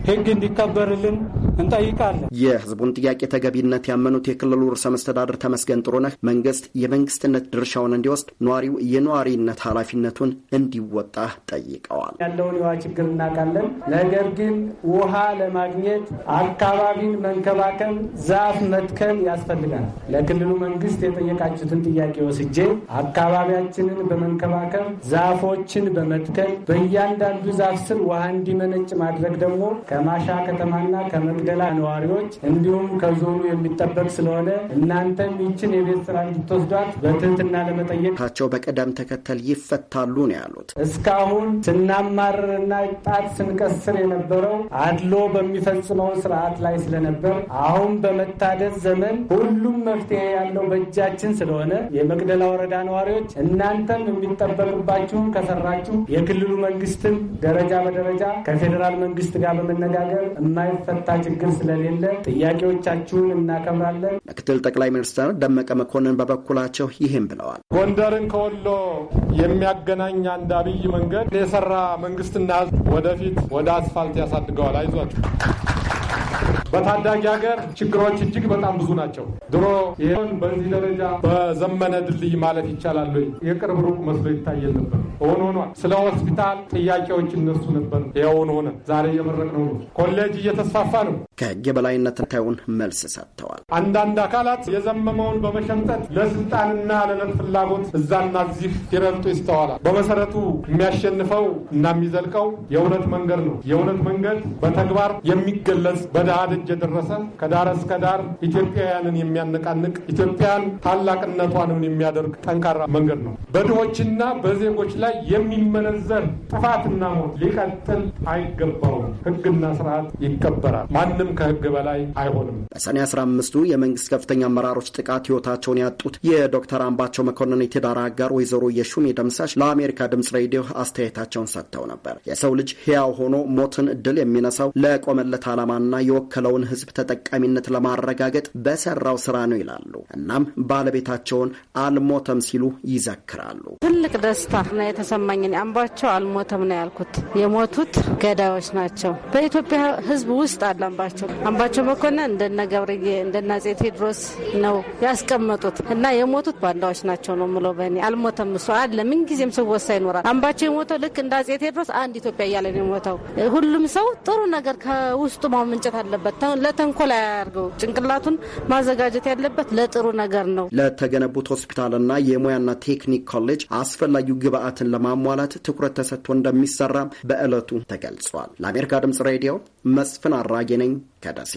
ህግ እንዲከበርልን እንጠይቃለን። የህዝቡን ጥያቄ ተገቢነት ያመኑት የክልሉ ርዕሰ መስተዳድር ተመስገን ጥሩነህ መንግስት የመንግስትነት ድርሻውን እንዲወስድ ነዋሪው የነዋሪነት ኃላፊነቱን እንዲወጣ ጠይቀዋል። ያለውን የውሃ ችግር እናውቃለን። ነገር ግን ውሃ ለማግኘት አካባቢን መንከባከብ፣ ዛፍ መትከል ያስፈልጋል። ለክልሉ መንግስት የጠየቃችሁትን ጥያቄ ወስጄ አካባቢያችንን በመንከባከብ ዛፎችን በመትከል በእያንዳንዱ ዛፍ ስር ውሃ እንዲመነጭ ማድረግ ደግሞ ከማሻ ከተማና ከመ የገደላ ነዋሪዎች እንዲሁም ከዞኑ የሚጠበቅ ስለሆነ እናንተም ይችን የቤት ስራ እንድትወስዷት በትህትና ለመጠየቅ ቸው በቅደም ተከተል ይፈታሉ ነው ያሉት። እስካሁን ስናማርርና ጣት ስንቀስር የነበረው አድሎ በሚፈጽመው ስርዓት ላይ ስለነበር አሁን በመታደስ ዘመን ሁሉም መፍትሄ ያለው በእጃችን ስለሆነ የመቅደላ ወረዳ ነዋሪዎች እናንተም የሚጠበቅባችሁን ከሰራችሁ የክልሉ መንግስትም ደረጃ በደረጃ ከፌዴራል መንግስት ጋር በመነጋገር የማይፈታ ችግር ችግር ስለሌለ ጥያቄዎቻችሁን እናከብራለን። ምክትል ጠቅላይ ሚኒስትር ደመቀ መኮንን በበኩላቸው ይህም ብለዋል። ጎንደርን ከወሎ የሚያገናኝ አንድ አብይ መንገድ የሰራ መንግስትና ህዝብ ወደፊት ወደ አስፋልት ያሳድገዋል። አይዟቸው በታዳጊ ሀገር ችግሮች እጅግ በጣም ብዙ ናቸው። ድሮ ይሆን በዚህ ደረጃ በዘመነ ድልድይ ማለት ይቻላል ወይ የቅርብ ሩቅ መስሎ ይታየል ነበር። እውን ሆኗል። ስለ ሆስፒታል ጥያቄዎች እነሱ ነበር። ያውን ሆነ ዛሬ እየመረቅ ነው። ኮሌጅ እየተስፋፋ ነው። ከህግ የበላይነት ታዩን መልስ ሰጥተዋል። አንዳንድ አካላት የዘመመውን በመሸምጠት ለስልጣንና ለዕለት ፍላጎት እዛና እዚህ ሲረግጡ ይስተዋላል። በመሰረቱ የሚያሸንፈው እና የሚዘልቀው የእውነት መንገድ ነው። የእውነት መንገድ በተግባር የሚገለጽ በደሃ ደጅ እጅ የደረሰ ከዳር እስከ ዳር ኢትዮጵያውያንን የሚያነቃንቅ ኢትዮጵያን ታላቅነቷንን የሚያደርግ ጠንካራ መንገድ ነው። በድሆችና በዜጎች ላይ የሚመነዘር ጥፋትና ሞት ሊቀጥል አይገባውም። ህግና ስርዓት ይከበራል። ማንም ከህግ በላይ አይሆንም። በሰኔ 15ቱ የመንግስት ከፍተኛ አመራሮች ጥቃት ህይወታቸውን ያጡት የዶክተር አምባቸው መኮንን የትዳር አጋር ወይዘሮ የሹሜ ደምሳሽ ለአሜሪካ ድምጽ ሬዲዮ አስተያየታቸውን ሰጥተው ነበር። የሰው ልጅ ሕያው ሆኖ ሞትን ድል የሚነሳው ለቆመለት ዓላማና የወከለ የሚባለውን ህዝብ ተጠቃሚነት ለማረጋገጥ በሰራው ስራ ነው ይላሉ። እናም ባለቤታቸውን አልሞተም ሲሉ ይዘክራሉ። ትልቅ ደስታ ነው የተሰማኝ። አምባቸው አልሞተም ነው ያልኩት። የሞቱት ገዳዮች ናቸው። በኢትዮጵያ ህዝብ ውስጥ አለ አምባቸው አምባቸው መኮንን እንደነ ገብርዬ እንደነ አፄ ቴዎድሮስ ነው ያስቀመጡት እና የሞቱት ባንዳዎች ናቸው ነው ምሎ በእኔ አልሞተም እሱ አለ ምንጊዜም ስወሳ ይኖራል። አምባቸው የሞተው ልክ እንደ አፄ ቴዎድሮስ አንድ ኢትዮጵያ እያለ ነው የሞተው። ሁሉም ሰው ጥሩ ነገር ከውስጡ ማመንጨት አለበት። ለተንኮል አያርገው። ጭንቅላቱን ማዘጋጀት ያለበት ለጥሩ ነገር ነው። ለተገነቡት ሆስፒታልና የሙያና ቴክኒክ ኮሌጅ አስፈላጊው ግብአትን ለማሟላት ትኩረት ተሰጥቶ እንደሚሰራ በዕለቱ ተገልጿል። ለአሜሪካ ድምጽ ሬዲዮ መስፍን አራጌ ነኝ ከደሴ።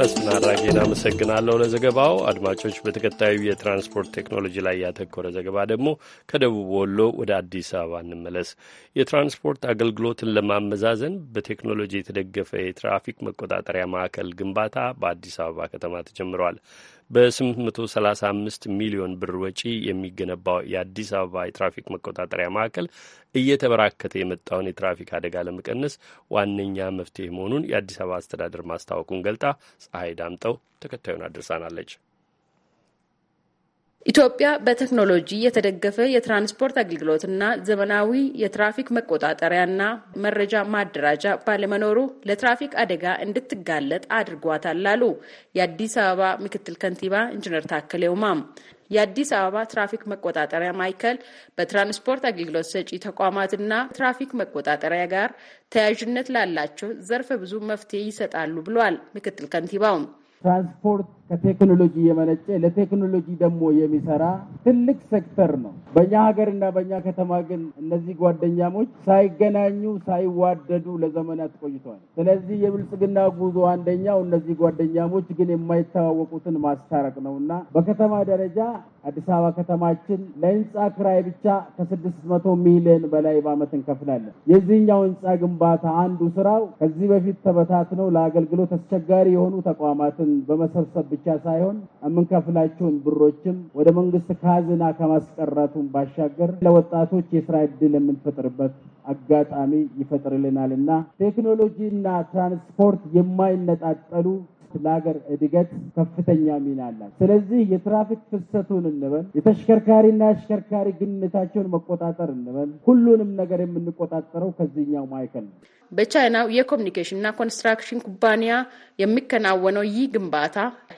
መስፍን አድራጌን አመሰግናለሁ ለዘገባው። አድማጮች፣ በተከታዩ የትራንስፖርት ቴክኖሎጂ ላይ ያተኮረ ዘገባ ደግሞ ከደቡብ ወሎ ወደ አዲስ አበባ እንመለስ። የትራንስፖርት አገልግሎትን ለማመዛዘን በቴክኖሎጂ የተደገፈ የትራፊክ መቆጣጠሪያ ማዕከል ግንባታ በአዲስ አበባ ከተማ ተጀምረዋል። በ835 ሚሊዮን ብር ወጪ የሚገነባው የአዲስ አበባ የትራፊክ መቆጣጠሪያ ማዕከል እየተበራከተ የመጣውን የትራፊክ አደጋ ለመቀነስ ዋነኛ መፍትሄ መሆኑን የአዲስ አበባ አስተዳደር ማስታወቁን ገልጣ ፀሐይ ዳምጠው ተከታዩን አድርሳናለች። ኢትዮጵያ በቴክኖሎጂ የተደገፈ የትራንስፖርት አገልግሎትና ዘመናዊ የትራፊክ መቆጣጠሪያና መረጃ ማደራጃ ባለመኖሩ ለትራፊክ አደጋ እንድትጋለጥ አድርጓታል አሉ የአዲስ አበባ ምክትል ከንቲባ ኢንጂነር ታከለ ኡማም። የአዲስ አበባ ትራፊክ መቆጣጠሪያ ማዕከል በትራንስፖርት አገልግሎት ሰጪ ተቋማትና ትራፊክ መቆጣጠሪያ ጋር ተያያዥነት ላላቸው ዘርፈ ብዙ መፍትሄ ይሰጣሉ ብሏል ምክትል ከንቲባውም ትራንስፖርት ከቴክኖሎጂ የመነጨ ለቴክኖሎጂ ደግሞ የሚሰራ ትልቅ ሴክተር ነው። በእኛ ሀገርና በእኛ ከተማ ግን እነዚህ ጓደኛሞች ሳይገናኙ ሳይዋደዱ ለዘመናት ቆይተዋል። ስለዚህ የብልጽግና ጉዞ አንደኛው እነዚህ ጓደኛሞች ግን የማይተዋወቁትን ማስታረቅ ነው እና በከተማ ደረጃ አዲስ አበባ ከተማችን ለህንፃ ክራይ ብቻ ከስድስት መቶ ሚሊዮን በላይ በዓመት እንከፍላለን። የዚህኛው ህንፃ ግንባታ አንዱ ስራው ከዚህ በፊት ተበታትነው ለአገልግሎት አስቸጋሪ የሆኑ ተቋማትን በመሰብሰብ ብቻ ሳይሆን የምንከፍላቸውን ብሮችም ወደ መንግስት ካዝና ከማስቀረቱን ባሻገር ለወጣቶች የስራ እድል የምንፈጥርበት አጋጣሚ ይፈጥርልናል እና ቴክኖሎጂ እና ትራንስፖርት የማይነጣጠሉ ለሀገር እድገት ከፍተኛ ሚና አላት። ስለዚህ የትራፊክ ፍሰቱን እንበል፣ የተሽከርካሪና አሽከርካሪ ግንኙነታቸውን መቆጣጠር እንበል፣ ሁሉንም ነገር የምንቆጣጠረው ከዚህኛው ማዕከል ነው። በቻይናው የኮሚኒኬሽንና ኮንስትራክሽን ኩባንያ የሚከናወነው ይህ ግንባታ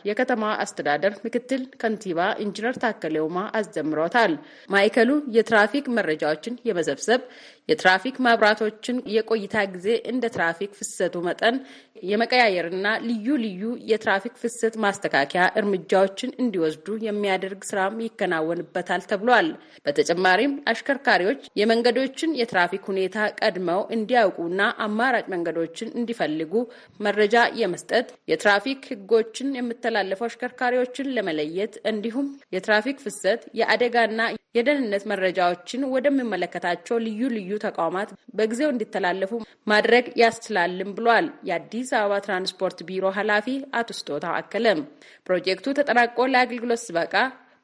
የከተማ አስተዳደር ምክትል ከንቲባ ኢንጂነር ታከሌውማ አስጀምሮታል። ማዕከሉ የትራፊክ መረጃዎችን የመሰብሰብ የትራፊክ መብራቶችን የቆይታ ጊዜ እንደ ትራፊክ ፍሰቱ መጠን የመቀያየርና ልዩ ልዩ የትራፊክ ፍሰት ማስተካከያ እርምጃዎችን እንዲወስዱ የሚያደርግ ስራም ይከናወንበታል ተብሏል። በተጨማሪም አሽከርካሪዎች የመንገዶችን የትራፊክ ሁኔታ ቀድመው እንዲያውቁና አማራጭ መንገዶችን እንዲፈልጉ መረጃ የመስጠት የትራፊክ ህጎችን የምተላለፉ አሽከርካሪዎችን ለመለየት እንዲሁም የትራፊክ ፍሰት የአደጋና የደህንነት መረጃዎችን ወደሚመለከታቸው ልዩ ልዩ ልዩ ተቋማት በጊዜው እንዲተላለፉ ማድረግ ያስችላልም ብሏል። የአዲስ አበባ ትራንስፖርት ቢሮ ኃላፊ አቶ ስጦታ አከለም ፕሮጀክቱ ተጠናቆ ለአገልግሎት ስበቃ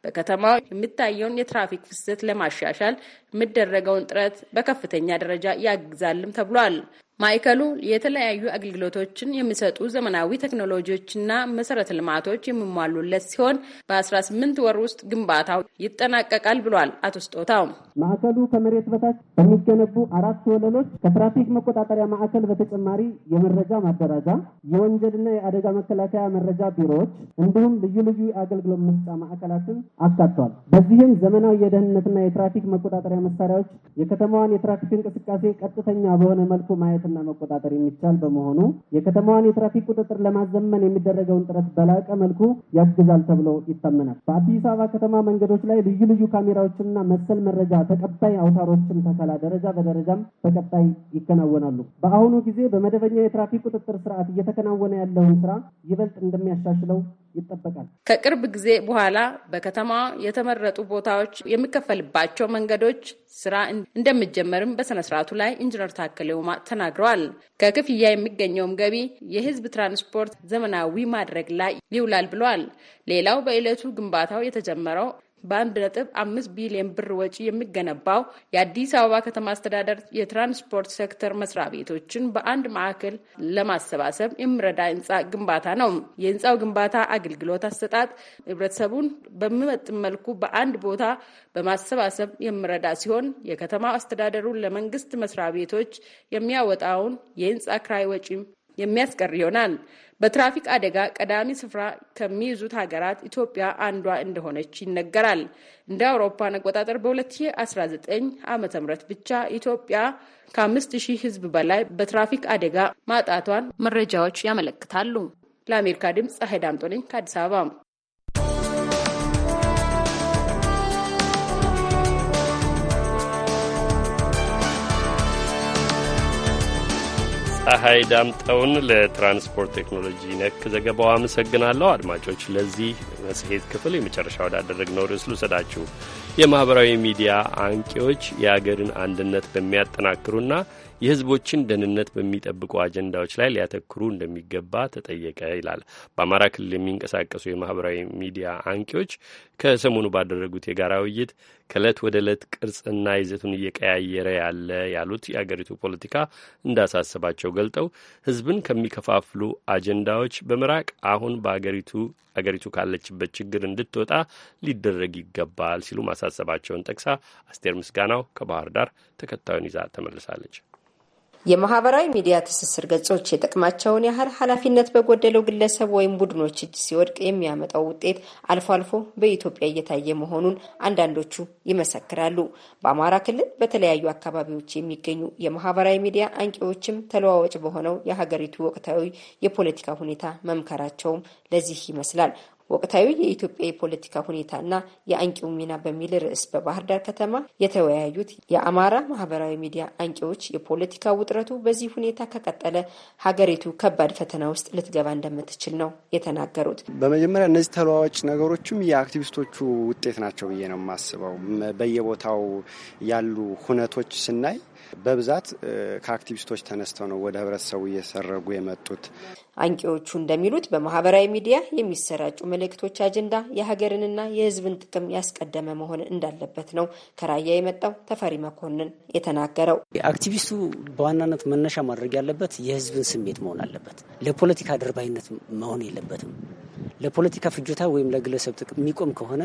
በከተማው የሚታየውን የትራፊክ ፍሰት ለማሻሻል የሚደረገውን ጥረት በከፍተኛ ደረጃ ያግዛልም ተብሏል። ማዕከሉ የተለያዩ አገልግሎቶችን የሚሰጡ ዘመናዊ ቴክኖሎጂዎችና መሰረተ ልማቶች የሚሟሉለት ሲሆን በ18 ወር ውስጥ ግንባታው ይጠናቀቃል ብሏል አቶ ስጦታው። ማዕከሉ ከመሬት በታች በሚገነቡ አራት ወለሎች ከትራፊክ መቆጣጠሪያ ማዕከል በተጨማሪ የመረጃ ማደራጃ፣ የወንጀልና የአደጋ መከላከያ መረጃ ቢሮዎች እንዲሁም ልዩ ልዩ የአገልግሎት መስጫ ማዕከላትን አካቷል። በዚህም ዘመናዊ የደህንነትና የትራፊክ መቆጣጠሪያ መሳሪያዎች የከተማዋን የትራፊክ እንቅስቃሴ ቀጥተኛ በሆነ መልኩ ማየት መለየትና መቆጣጠር የሚቻል በመሆኑ የከተማዋን የትራፊክ ቁጥጥር ለማዘመን የሚደረገውን ጥረት በላቀ መልኩ ያግዛል ተብሎ ይታመናል። በአዲስ አበባ ከተማ መንገዶች ላይ ልዩ ልዩ ካሜራዎችንና መሰል መረጃ ተቀባይ አውታሮችን ተከላ ደረጃ በደረጃም በቀጣይ ይከናወናሉ። በአሁኑ ጊዜ በመደበኛ የትራፊክ ቁጥጥር ስርዓት እየተከናወነ ያለውን ስራ ይበልጥ እንደሚያሻሽለው ይጠበቃል። ከቅርብ ጊዜ በኋላ በከተማ የተመረጡ ቦታዎች የሚከፈልባቸው መንገዶች ስራ እንደሚጀመርም ስርዓቱ ላይ ኢንጂነር ታከለ ኡማ ተናግረዋል። ከክፍያ የሚገኘውም ገቢ የህዝብ ትራንስፖርት ዘመናዊ ማድረግ ላይ ይውላል ብለዋል። ሌላው በዕለቱ ግንባታው የተጀመረው በአንድ ነጥብ አምስት ቢሊዮን ብር ወጪ የሚገነባው የአዲስ አበባ ከተማ አስተዳደር የትራንስፖርት ሴክተር መስሪያ ቤቶችን በአንድ ማዕከል ለማሰባሰብ የሚረዳ ህንፃ ግንባታ ነው። የህንፃው ግንባታ አገልግሎት አሰጣጥ ህብረተሰቡን በሚመጥን መልኩ በአንድ ቦታ በማሰባሰብ የሚረዳ ሲሆን የከተማ አስተዳደሩን ለመንግስት መስሪያ ቤቶች የሚያወጣውን የህንፃ ክራይ ወጪም የሚያስቀር ይሆናል። በትራፊክ አደጋ ቀዳሚ ስፍራ ከሚይዙት ሀገራት ኢትዮጵያ አንዷ እንደሆነች ይነገራል። እንደ አውሮፓን አቆጣጠር በ2019 ዓ ም ብቻ ኢትዮጵያ ከ5000 ህዝብ በላይ በትራፊክ አደጋ ማጣቷን መረጃዎች ያመለክታሉ። ለአሜሪካ ድምፅ ፀሐይ ዳምጦ ነኝ ከአዲስ አበባ። ፀሐይ ዳምጠውን ለትራንስፖርት ቴክኖሎጂ ነክ ዘገባው አመሰግናለሁ። አድማጮች ለዚህ መጽሔት ክፍል የመጨረሻ ወዳደረግነው ርዕስ ልውሰዳችሁ። የማኅበራዊ ሚዲያ አንቂዎች የአገርን አንድነት በሚያጠናክሩና የህዝቦችን ደህንነት በሚጠብቁ አጀንዳዎች ላይ ሊያተክሩ እንደሚገባ ተጠየቀ ይላል። በአማራ ክልል የሚንቀሳቀሱ የማህበራዊ ሚዲያ አንቂዎች ከሰሞኑ ባደረጉት የጋራ ውይይት ከእለት ወደ እለት ቅርጽና ይዘቱን እየቀያየረ ያለ ያሉት የአገሪቱ ፖለቲካ እንዳሳሰባቸው ገልጠው ህዝብን ከሚከፋፍሉ አጀንዳዎች በመራቅ አሁን በአገሪቱ አገሪቱ ካለችበት ችግር እንድትወጣ ሊደረግ ይገባል ሲሉ ማሳሰባቸውን ጠቅሳ አስቴር ምስጋናው ከባህር ዳር ተከታዩን ይዛ ተመልሳለች። የማህበራዊ ሚዲያ ትስስር ገጾች የጥቅማቸውን ያህል ኃላፊነት በጎደለው ግለሰብ ወይም ቡድኖች እጅ ሲወድቅ የሚያመጣው ውጤት አልፎ አልፎ በኢትዮጵያ እየታየ መሆኑን አንዳንዶቹ ይመሰክራሉ። በአማራ ክልል በተለያዩ አካባቢዎች የሚገኙ የማህበራዊ ሚዲያ አንቂዎችም ተለዋዋጭ በሆነው የሀገሪቱ ወቅታዊ የፖለቲካ ሁኔታ መምከራቸውም ለዚህ ይመስላል። ወቅታዊ የኢትዮጵያ የፖለቲካ ሁኔታና የአንቂው ሚና በሚል ርዕስ በባህር ዳር ከተማ የተወያዩት የአማራ ማህበራዊ ሚዲያ አንቂዎች የፖለቲካ ውጥረቱ በዚህ ሁኔታ ከቀጠለ ሀገሪቱ ከባድ ፈተና ውስጥ ልትገባ እንደምትችል ነው የተናገሩት። በመጀመሪያ እነዚህ ተለዋዋጭ ነገሮችም የአክቲቪስቶቹ ውጤት ናቸው ብዬ ነው የማስበው። በየቦታው ያሉ ሁነቶች ስናይ በብዛት ከአክቲቪስቶች ተነስተው ነው ወደ ህብረተሰቡ እየሰረጉ የመጡት። አንቂዎቹ እንደሚሉት በማህበራዊ ሚዲያ የሚሰራጩ መልእክቶች አጀንዳ የሀገርንና የህዝብን ጥቅም ያስቀደመ መሆን እንዳለበት ነው ከራያ የመጣው ተፈሪ መኮንን የተናገረው። አክቲቪስቱ በዋናነት መነሻ ማድረግ ያለበት የህዝብን ስሜት መሆን አለበት። ለፖለቲካ ደርባይነት መሆን የለበትም። ለፖለቲካ ፍጆታ ወይም ለግለሰብ ጥቅም የሚቆም ከሆነ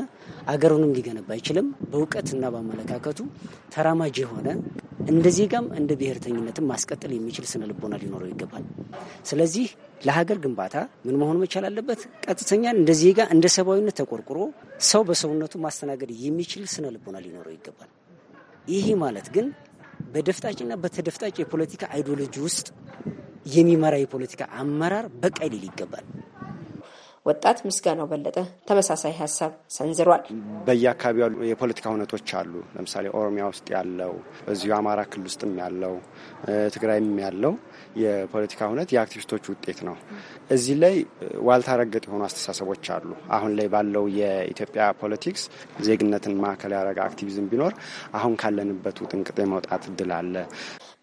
አገሩንም ሊገነባ አይችልም። በእውቀትና በአመለካከቱ ተራማጅ የሆነ እንደ ዜጋም እንደ ብሔርተኝነትም ማስቀጠል የሚችል ስነ ልቦና ሊኖረው ይገባል። ስለዚህ ለሀገር ግንባታ ምን መሆን መቻል አለበት? ቀጥተኛ እንደ ዜጋ እንደ ሰብአዊነት ተቆርቁሮ ሰው በሰውነቱ ማስተናገድ የሚችል ስነ ልቦና ሊኖረው ይገባል። ይሄ ማለት ግን በደፍጣጭና በተደፍጣጭ የፖለቲካ አይዲዮሎጂ ውስጥ የሚመራ የፖለቲካ አመራር በቃ ሊል ይገባል። ወጣት ምስጋናው በለጠ ተመሳሳይ ሀሳብ ሰንዝሯል። በየአካባቢው ያሉ የፖለቲካ እውነቶች አሉ። ለምሳሌ ኦሮሚያ ውስጥ ያለው፣ እዚሁ አማራ ክልል ውስጥም ያለው፣ ትግራይም ያለው የፖለቲካ እውነት የአክቲቪስቶች ውጤት ነው። እዚህ ላይ ዋልታ ረገጥ የሆኑ አስተሳሰቦች አሉ። አሁን ላይ ባለው የኢትዮጵያ ፖለቲክስ ዜግነትን ማዕከል ያደረገ አክቲቪዝም ቢኖር አሁን ካለንበት ውጥንቅጥ የመውጣት እድል አለ።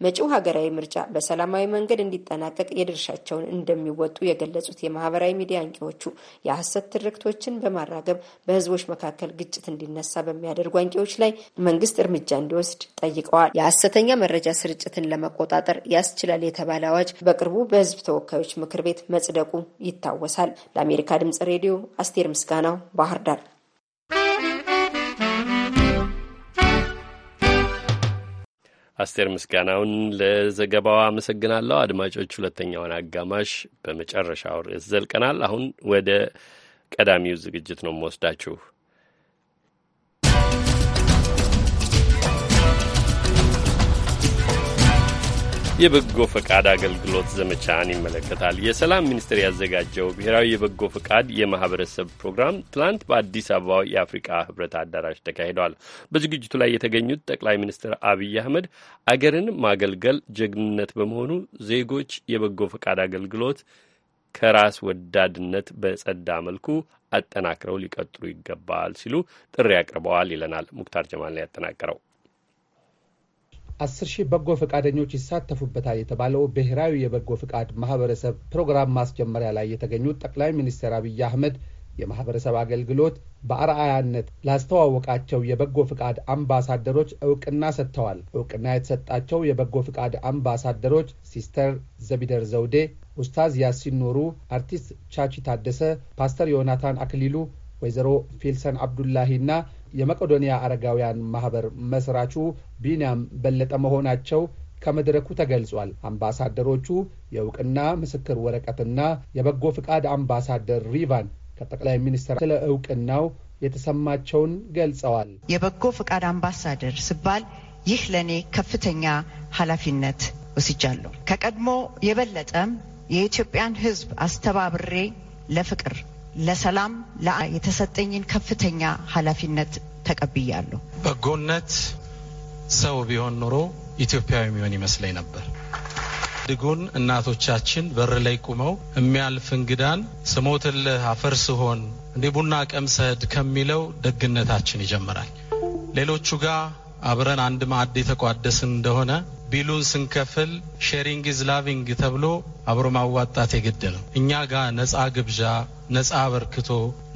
መጪው ሀገራዊ ምርጫ በሰላማዊ መንገድ እንዲጠናቀቅ የድርሻቸውን እንደሚወጡ የገለጹት የማህበራዊ ሚዲያ አንቂዎቹ የሐሰት ትርክቶችን በማራገብ በህዝቦች መካከል ግጭት እንዲነሳ በሚያደርጉ አንቂዎች ላይ መንግስት እርምጃ እንዲወስድ ጠይቀዋል። የሐሰተኛ መረጃ ስርጭትን ለመቆጣጠር ያስችላል የተባለ አዋጅ በቅርቡ በህዝብ ተወካዮች ምክር ቤት መጽደቁ ይታወሳል። ለአሜሪካ ድምጽ ሬዲዮ አስቴር ምስጋናው ባህር ዳር አስቴር ምስጋናውን ለዘገባዋ አመሰግናለሁ። አድማጮች፣ ሁለተኛውን አጋማሽ በመጨረሻው ርዕስ ዘልቀናል። አሁን ወደ ቀዳሚው ዝግጅት ነው የምወስዳችሁ። የበጎ ፈቃድ አገልግሎት ዘመቻን ይመለከታል። የሰላም ሚኒስቴር ያዘጋጀው ብሔራዊ የበጎ ፈቃድ የማህበረሰብ ፕሮግራም ትላንት በአዲስ አበባው የአፍሪካ ህብረት አዳራሽ ተካሂዷል። በዝግጅቱ ላይ የተገኙት ጠቅላይ ሚኒስትር አብይ አህመድ አገርን ማገልገል ጀግንነት በመሆኑ ዜጎች የበጎ ፈቃድ አገልግሎት ከራስ ወዳድነት በጸዳ መልኩ አጠናክረው ሊቀጥሉ ይገባል ሲሉ ጥሪ አቅርበዋል። ይለናል ሙክታር ጀማል ያጠናቀረው አስር ሺህ በጎ ፈቃደኞች ይሳተፉበታል የተባለው ብሔራዊ የበጎ ፈቃድ ማህበረሰብ ፕሮግራም ማስጀመሪያ ላይ የተገኙት ጠቅላይ ሚኒስትር አብይ አህመድ የማህበረሰብ አገልግሎት በአርአያነት ላስተዋወቃቸው የበጎ ፍቃድ አምባሳደሮች እውቅና ሰጥተዋል። እውቅና የተሰጣቸው የበጎ ፍቃድ አምባሳደሮች ሲስተር ዘቢደር ዘውዴ፣ ኡስታዝ ያሲን ኑሩ፣ አርቲስት ቻቺ ታደሰ፣ ፓስተር ዮናታን አክሊሉ፣ ወይዘሮ ፊልሰን አብዱላሂና የመቄዶንያ አረጋውያን ማህበር መስራቹ ቢንያም በለጠ መሆናቸው ከመድረኩ ተገልጿል። አምባሳደሮቹ የእውቅና ምስክር ወረቀትና የበጎ ፍቃድ አምባሳደር ሪቫን ከጠቅላይ ሚኒስትር ስለ እውቅናው የተሰማቸውን ገልጸዋል። የበጎ ፍቃድ አምባሳደር ስባል ይህ ለእኔ ከፍተኛ ኃላፊነት ወስጃለሁ። ከቀድሞ የበለጠም የኢትዮጵያን ሕዝብ አስተባብሬ ለፍቅር ለሰላም የተሰጠኝን ከፍተኛ ኃላፊነት ተቀብያለሁ። በጎነት ሰው ቢሆን ኑሮ ኢትዮጵያዊ የሚሆን ይመስለኝ ነበር። ድጉን እናቶቻችን በር ላይ ቁመው የሚያልፍ እንግዳን ስሞትልህ አፈር ስሆን እንዲህ ቡና ቀምሰድ ከሚለው ደግነታችን ይጀምራል። ሌሎቹ ጋር አብረን አንድ ማዕድ የተቋደስን እንደሆነ ቢሉን ስንከፍል ሼሪንግ ኢዝ ላቪንግ ተብሎ አብሮ ማዋጣት የግድ ነው። እኛ ጋር ነጻ ግብዣ፣ ነጻ አበርክቶ፣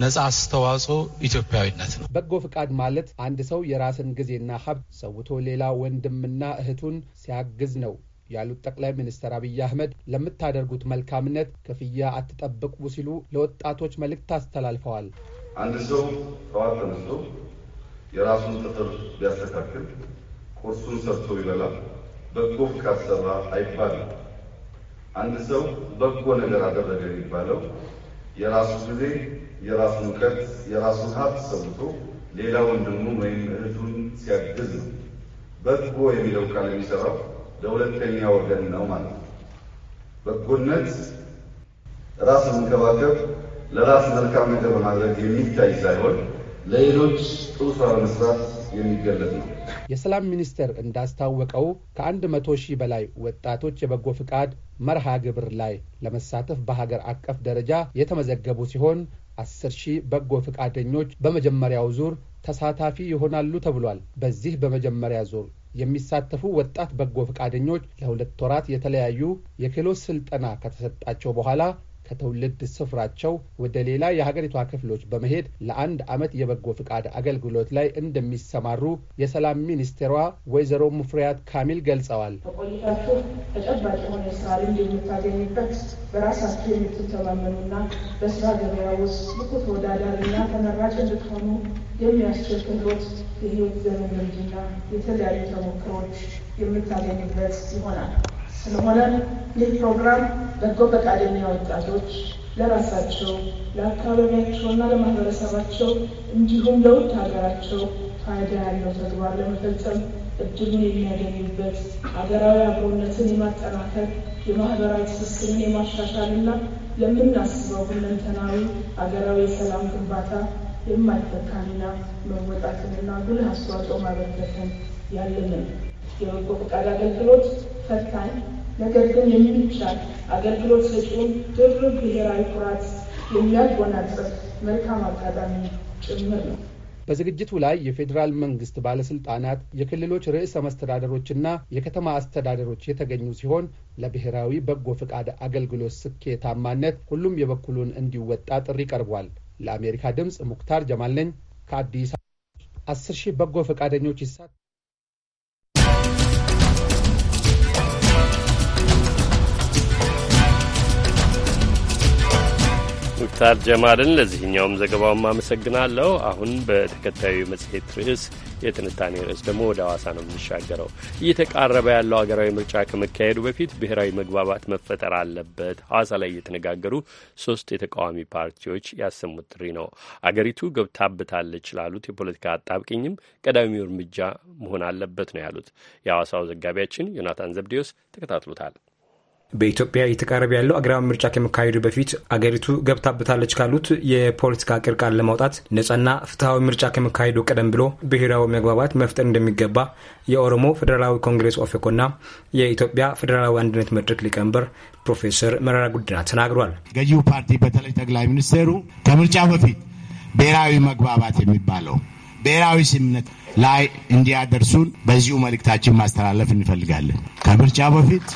ነጻ አስተዋጽኦ ኢትዮጵያዊነት ነው። በጎ ፍቃድ ማለት አንድ ሰው የራስን ጊዜና ሀብት ሰውቶ ሌላ ወንድምና እህቱን ሲያግዝ ነው ያሉት ጠቅላይ ሚኒስትር አብይ አህመድ ለምታደርጉት መልካምነት ክፍያ አትጠብቁ ሲሉ ለወጣቶች መልእክት አስተላልፈዋል። አንድ ሰው ጠዋት ተነስቶ የራሱን ጥፍር ቢያስተካክል ቁርሱን ሰርቶ ይበላል። በጎ ፍቃድ ሰራ አይባልም። አንድ ሰው በጎ ነገር አደረገ የሚባለው የራሱ ጊዜ፣ የራሱን እውቀት፣ የራሱን ሀብት ሰውቶ ሌላ ወንድሙ ወይም እህቱን ሲያግዝ ነው። በጎ የሚለው ቃል የሚሰራው ለሁለተኛ ወገን ነው ማለት ነው። በጎነት ራስ መንከባከብ፣ ለራስ መልካም ነገር በማድረግ የሚታይ ሳይሆን ለሌሎች ጥሩ ስራ የሚገለጥ ነው። የሰላም ሚኒስቴር እንዳስታወቀው ከአንድ መቶ ሺህ በላይ ወጣቶች የበጎ ፍቃድ መርሃ ግብር ላይ ለመሳተፍ በሀገር አቀፍ ደረጃ የተመዘገቡ ሲሆን አስር ሺህ በጎ ፍቃደኞች በመጀመሪያው ዙር ተሳታፊ ይሆናሉ ተብሏል። በዚህ በመጀመሪያ ዙር የሚሳተፉ ወጣት በጎ ፍቃደኞች ለሁለት ወራት የተለያዩ የክህሎት ስልጠና ከተሰጣቸው በኋላ ከትውልድ ስፍራቸው ወደ ሌላ የሀገሪቷ ክፍሎች በመሄድ ለአንድ ዓመት የበጎ ፍቃድ አገልግሎት ላይ እንደሚሰማሩ የሰላም ሚኒስቴሯ ወይዘሮ ሙፍሪያት ካሚል ገልጸዋል። በቆይታችሁ ተጨባጭ የሆነ ስራ ልምድ የምታገኙበት በራሳችሁ የምትተማመኑና በስራ ገበያ ውስጥ ብቁ ተወዳዳሪና ተመራጭ እንድትሆኑ የሚያስችል ክህሎት፣ የህይወት ዘመን ልምድና የተለያዩ ተሞክሮች የምታገኙበት ይሆናል። ስለሆነም ይህ ፕሮግራም በጎ ፈቃደኛ ወጣቶች ለራሳቸው ለአካባቢያቸውና ለማህበረሰባቸው እንዲሁም ለውድ ሀገራቸው ፋይዳ ያለው ተግባር ለመፈጸም እድሉን የሚያገኙበት ሀገራዊ አብሮነትን የማጠናከር የማህበራዊ ትስስርን የማሻሻልና ለምናስበው ሁለንተናዊ ሀገራዊ የሰላም ግንባታ የማይተካ ሚና መወጣትንና ጉልህ አስተዋጽኦ ማበርከትን ያለንን የበጎ ፈቃድ አገልግሎት ፈታኝ ነገር ግን የሚቻል አገልግሎት ሰጪውን ብሔራዊ ኩራት የሚያጎናጽፍ መልካም አጋጣሚ ጭምር ነው። በዝግጅቱ ላይ የፌዴራል መንግስት ባለስልጣናት፣ የክልሎች ርዕሰ መስተዳደሮችና የከተማ አስተዳደሮች የተገኙ ሲሆን ለብሔራዊ በጎ ፈቃድ አገልግሎት ስኬታማነት ሁሉም የበኩሉን እንዲወጣ ጥሪ ቀርቧል። ለአሜሪካ ድምፅ ሙክታር ጀማል ነኝ ከአዲስ አበባ። አስር ሺህ በጎ ፈቃደኞች ይሳተፋሉ። ሙክታር ጀማልን ለዚህኛውም ዘገባውም አመሰግናለሁ። አሁን በተከታዩ መጽሔት ርዕስ የትንታኔ ርዕስ ደግሞ ወደ ሐዋሳ ነው የምንሻገረው። እየተቃረበ ያለው ሀገራዊ ምርጫ ከመካሄዱ በፊት ብሔራዊ መግባባት መፈጠር አለበት ሐዋሳ ላይ እየተነጋገሩ ሶስት የተቃዋሚ ፓርቲዎች ያሰሙት ጥሪ ነው። አገሪቱ ገብታብታለች ላሉት የፖለቲካ አጣብቅኝም ቀዳሚው እርምጃ መሆን አለበት ነው ያሉት። የሐዋሳው ዘጋቢያችን ዮናታን ዘብዴዎስ ተከታትሎታል። በኢትዮጵያ እየተቃረበ ያለው አገራዊ ምርጫ ከመካሄዱ በፊት አገሪቱ ገብታበታለች ካሉት የፖለቲካ ቅርቃር ለማውጣት ነጻና ፍትሐዊ ምርጫ ከመካሄዱ ቀደም ብሎ ብሔራዊ መግባባት መፍጠር እንደሚገባ የኦሮሞ ፌዴራላዊ ኮንግሬስ ኦፌኮና የኢትዮጵያ ፌዴራላዊ አንድነት መድረክ ሊቀመንበር ፕሮፌሰር መረራ ጉዲና ተናግሯል። ገዢው ፓርቲ በተለይ ጠቅላይ ሚኒስቴሩ ከምርጫ በፊት ብሔራዊ መግባባት የሚባለው ብሔራዊ ስምምነት ላይ እንዲያደርሱን በዚሁ መልእክታችን ማስተላለፍ እንፈልጋለን። ከምርጫ በፊት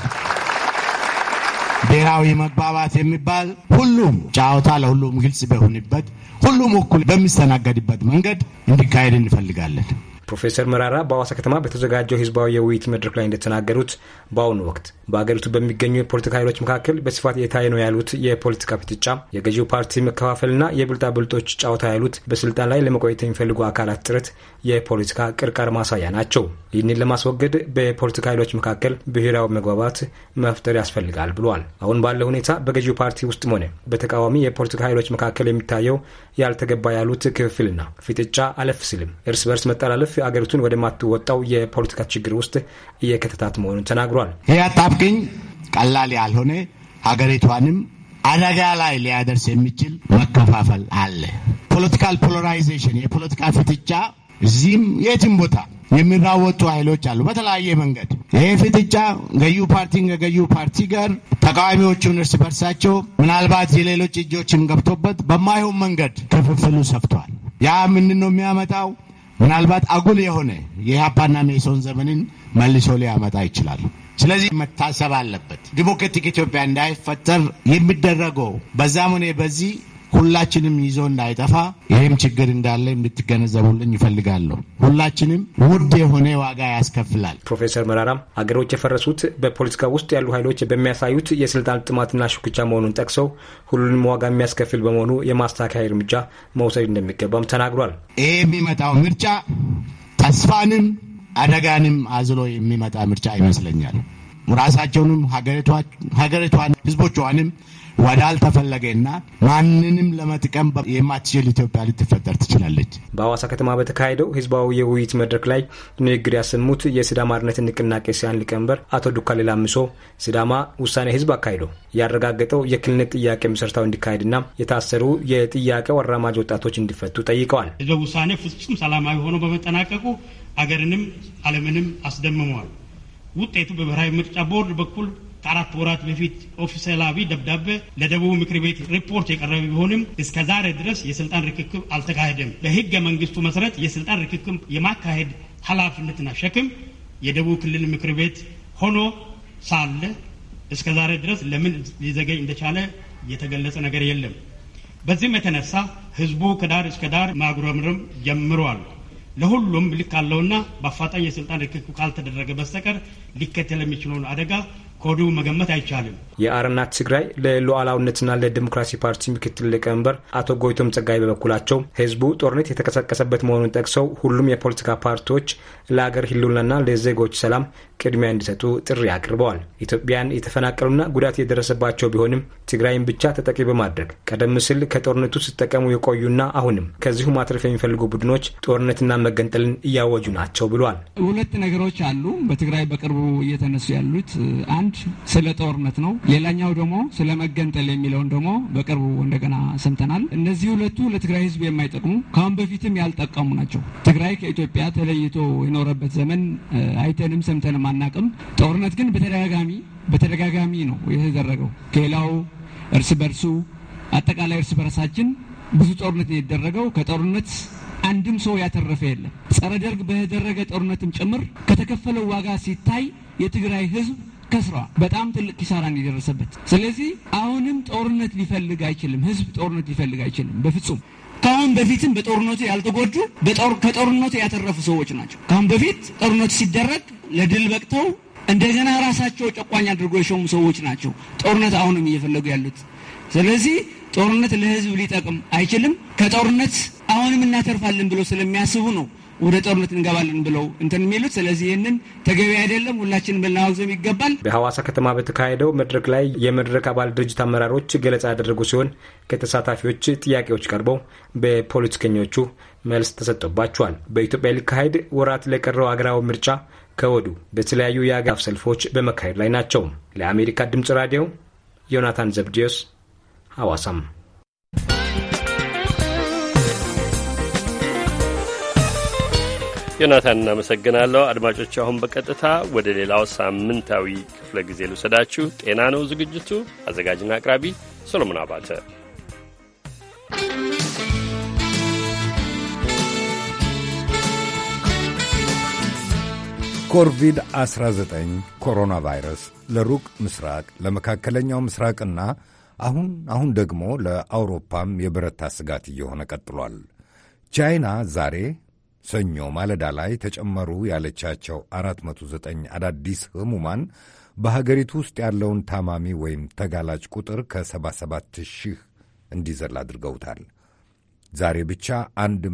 ብሔራዊ መግባባት የሚባል ሁሉም ጨዋታ ለሁሉም ግልጽ በሆንበት ሁሉም እኩል በሚስተናገድበት መንገድ እንዲካሄድ እንፈልጋለን። ፕሮፌሰር መራራ በአዋሳ ከተማ በተዘጋጀው ህዝባዊ የውይይት መድረክ ላይ እንደተናገሩት በአሁኑ ወቅት በአገሪቱ በሚገኙ የፖለቲካ ኃይሎች መካከል በስፋት የታየ ነው ያሉት የፖለቲካ ፍጥጫ፣ የገዢው ፓርቲ መከፋፈልና ብልጦች ጨዋታ ያሉት በስልጣን ላይ ለመቆየት የሚፈልጉ አካላት ጥረት የፖለቲካ ቅርቃር ማሳያ ናቸው። ይህንን ለማስወገድ በፖለቲካ ኃይሎች መካከል ብሔራዊ መግባባት መፍጠር ያስፈልጋል ብሏል። አሁን ባለው ሁኔታ በገዢው ፓርቲ ውስጥም ሆነ በተቃዋሚ የፖለቲካ ኃይሎች መካከል የሚታየው ያልተገባ ያሉት ክፍፍልና ፍጥጫ አለፍ ሲልም እርስ በርስ መጠላለፍ አገሪቱን ወደማትወጣው የፖለቲካ ችግር ውስጥ እየከተታት መሆኑን ተናግሯል። ይህ አጣብቅኝ ቀላል ያልሆነ ሀገሪቷንም አደጋ ላይ ሊያደርስ የሚችል መከፋፈል አለ። ፖለቲካል ፖላራይዜሽን፣ የፖለቲካ ፍጥጫ እዚህም የትም ቦታ የሚራወጡ ኃይሎች አሉ በተለያየ መንገድ። ይህ ፍጥጫ ገዩ ፓርቲ ከገዩ ፓርቲ ጋር፣ ተቃዋሚዎቹን እርስ በርሳቸው፣ ምናልባት የሌሎች እጆችም ገብቶበት በማይሆን መንገድ ክፍፍሉ ሰፍቷል። ያ ምንድን ነው የሚያመጣው? ምናልባት አጉል የሆነ የኢህአፓና ሜሶን ዘመንን መልሶ ሊያመጣ ይችላል። ስለዚህ መታሰብ አለበት። ዲሞክራቲክ ኢትዮጵያ እንዳይፈጠር የሚደረገው በዛም ሆነ በዚህ ሁላችንም ይዞ እንዳይጠፋ ይህም ችግር እንዳለ እንድትገነዘቡልኝ ይፈልጋለሁ። ሁላችንም ውድ የሆነ ዋጋ ያስከፍላል። ፕሮፌሰር መራራም አገሮች የፈረሱት በፖለቲካ ውስጥ ያሉ ኃይሎች በሚያሳዩት የስልጣን ጥማትና ሹክቻ መሆኑን ጠቅሰው ሁሉንም ዋጋ የሚያስከፍል በመሆኑ የማስተካከያ እርምጃ መውሰድ እንደሚገባም ተናግሯል። ይህ የሚመጣው ምርጫ ተስፋንም አደጋንም አዝሎ የሚመጣ ምርጫ ይመስለኛል። ራሳቸውንም ሀገሪቷን ህዝቦቿንም ወዳልተፈለገና ማንንም ለመጥቀም የማትችል ኢትዮጵያ ልትፈጠር ትችላለች። በሐዋሳ ከተማ በተካሄደው ህዝባዊ የውይይት መድረክ ላይ ንግግር ያሰሙት የሲዳማ አርነት ንቅናቄ ሲያን ሊቀመንበር አቶ ዱካሌ ላምሶ ሲዳማ ውሳኔ ህዝብ አካሂዶ ያረጋገጠው የክልልነት ጥያቄ መሰረታዊ እንዲካሄድና የታሰሩ የጥያቄው አራማጅ ወጣቶች እንዲፈቱ ጠይቀዋል። ህዝበ ውሳኔ ፍጹም ሰላማዊ ሆኖ በመጠናቀቁ አገርንም አለምንም አስደምመዋል። ውጤቱ በብሔራዊ ምርጫ ቦርድ በኩል ከአራት ወራት በፊት ኦፊሴላዊ ደብዳቤ ለደቡብ ምክር ቤት ሪፖርት የቀረበ ቢሆንም እስከ ዛሬ ድረስ የስልጣን ርክክብ አልተካሄደም። በህገ መንግስቱ መሰረት የስልጣን ርክክብ የማካሄድ ኃላፊነትና ሸክም የደቡብ ክልል ምክር ቤት ሆኖ ሳለ እስከ ዛሬ ድረስ ለምን ሊዘገኝ እንደቻለ የተገለጸ ነገር የለም። በዚህም የተነሳ ህዝቡ ከዳር እስከ ዳር ማጉረምረም ጀምሯል። ለሁሉም ልክ አለውና በአፋጣኝ የስልጣን ርክክብ ካልተደረገ በስተቀር ሊከተል የሚችለውን አደጋ ከወዱ መገመት አይቻልም። የአረና ትግራይ ለሉዓላውነትና ለዲሞክራሲ ፓርቲ ምክትል ሊቀመንበር አቶ ጎይቶም ጸጋይ በበኩላቸው ህዝቡ ጦርነት የተቀሰቀሰበት መሆኑን ጠቅሰው ሁሉም የፖለቲካ ፓርቲዎች ለአገር ህልውናና ለዜጎች ሰላም ቅድሚያ እንዲሰጡ ጥሪ አቅርበዋል። ኢትዮጵያን የተፈናቀሉና ጉዳት የደረሰባቸው ቢሆንም ትግራይን ብቻ ተጠቂ በማድረግ ቀደም ሲል ከጦርነቱ ሲጠቀሙ የቆዩና አሁንም ከዚሁ ማትረፍ የሚፈልጉ ቡድኖች ጦርነትና መገንጠልን እያወጁ ናቸው ብሏል። ሁለት ነገሮች አሉ በትግራይ በቅርቡ እየተነሱ ያሉት አንድ ስለ ጦርነት ነው፣ ሌላኛው ደግሞ ስለ መገንጠል የሚለውን ደግሞ በቅርቡ እንደገና ሰምተናል። እነዚህ ሁለቱ ለትግራይ ሕዝብ የማይጠቅሙ ከአሁን በፊትም ያልጠቀሙ ናቸው። ትግራይ ከኢትዮጵያ ተለይቶ የኖረበት ዘመን አይተንም ሰምተንም አናቅም። ጦርነት ግን በተደጋጋሚ በተደጋጋሚ ነው የተደረገው። ከሌላው እርስ በርሱ አጠቃላይ እርስ በርሳችን ብዙ ጦርነት ነው የተደረገው። ከጦርነት አንድም ሰው ያተረፈ የለም። ጸረ ደርግ በተደረገ ጦርነትም ጭምር ከተከፈለው ዋጋ ሲታይ የትግራይ ህዝብ ከስሯ በጣም ትልቅ ኪሳራ የደረሰበት። ስለዚህ አሁንም ጦርነት ሊፈልግ አይችልም። ህዝብ ጦርነት ሊፈልግ አይችልም በፍጹም። ከአሁን በፊትም በጦርነቱ ያልተጎዱ ከጦርነቱ ያተረፉ ሰዎች ናቸው። ከአሁን በፊት ጦርነቱ ሲደረግ ለድል በቅተው እንደገና ራሳቸው ጨቋኝ አድርጎ የሾሙ ሰዎች ናቸው ጦርነት አሁንም እየፈለጉ ያሉት። ስለዚህ ጦርነት ለህዝብ ሊጠቅም አይችልም። ከጦርነት አሁንም እናተርፋለን ብሎ ስለሚያስቡ ነው ወደ ጦርነት እንገባለን ብለው እንትን የሚሉት ስለዚህ ይህንን ተገቢ አይደለም፣ ሁላችንም ልናወግዘው ይገባል። በሐዋሳ ከተማ በተካሄደው መድረክ ላይ የመድረክ አባል ድርጅት አመራሮች ገለጻ ያደረጉ ሲሆን ከተሳታፊዎች ጥያቄዎች ቀርበው በፖለቲከኞቹ መልስ ተሰጥቶባቸዋል። በኢትዮጵያ ሊካሄድ ወራት ለቀረው አገራዊ ምርጫ ከወዱ በተለያዩ የአገፍ ሰልፎች በመካሄድ ላይ ናቸው። ለአሜሪካ ድምጽ ራዲዮ ዮናታን ዘብዲዮስ ሐዋሳም ዮናታን እናመሰግናለሁ። አድማጮች አሁን በቀጥታ ወደ ሌላው ሳምንታዊ ክፍለ ጊዜ ልውሰዳችሁ። ጤና ነው ዝግጅቱ። አዘጋጅና አቅራቢ ሰሎሞን አባተ። ኮቪድ-19 ኮሮና ቫይረስ ለሩቅ ምስራቅ ለመካከለኛው ምስራቅና አሁን አሁን ደግሞ ለአውሮፓም የበረታ ስጋት እየሆነ ቀጥሏል። ቻይና ዛሬ ሰኞ ማለዳ ላይ ተጨመሩ ያለቻቸው 409 አዳዲስ ህሙማን በሀገሪቱ ውስጥ ያለውን ታማሚ ወይም ተጋላጭ ቁጥር ከ77 ሺህ እንዲዘል አድርገውታል። ዛሬ ብቻ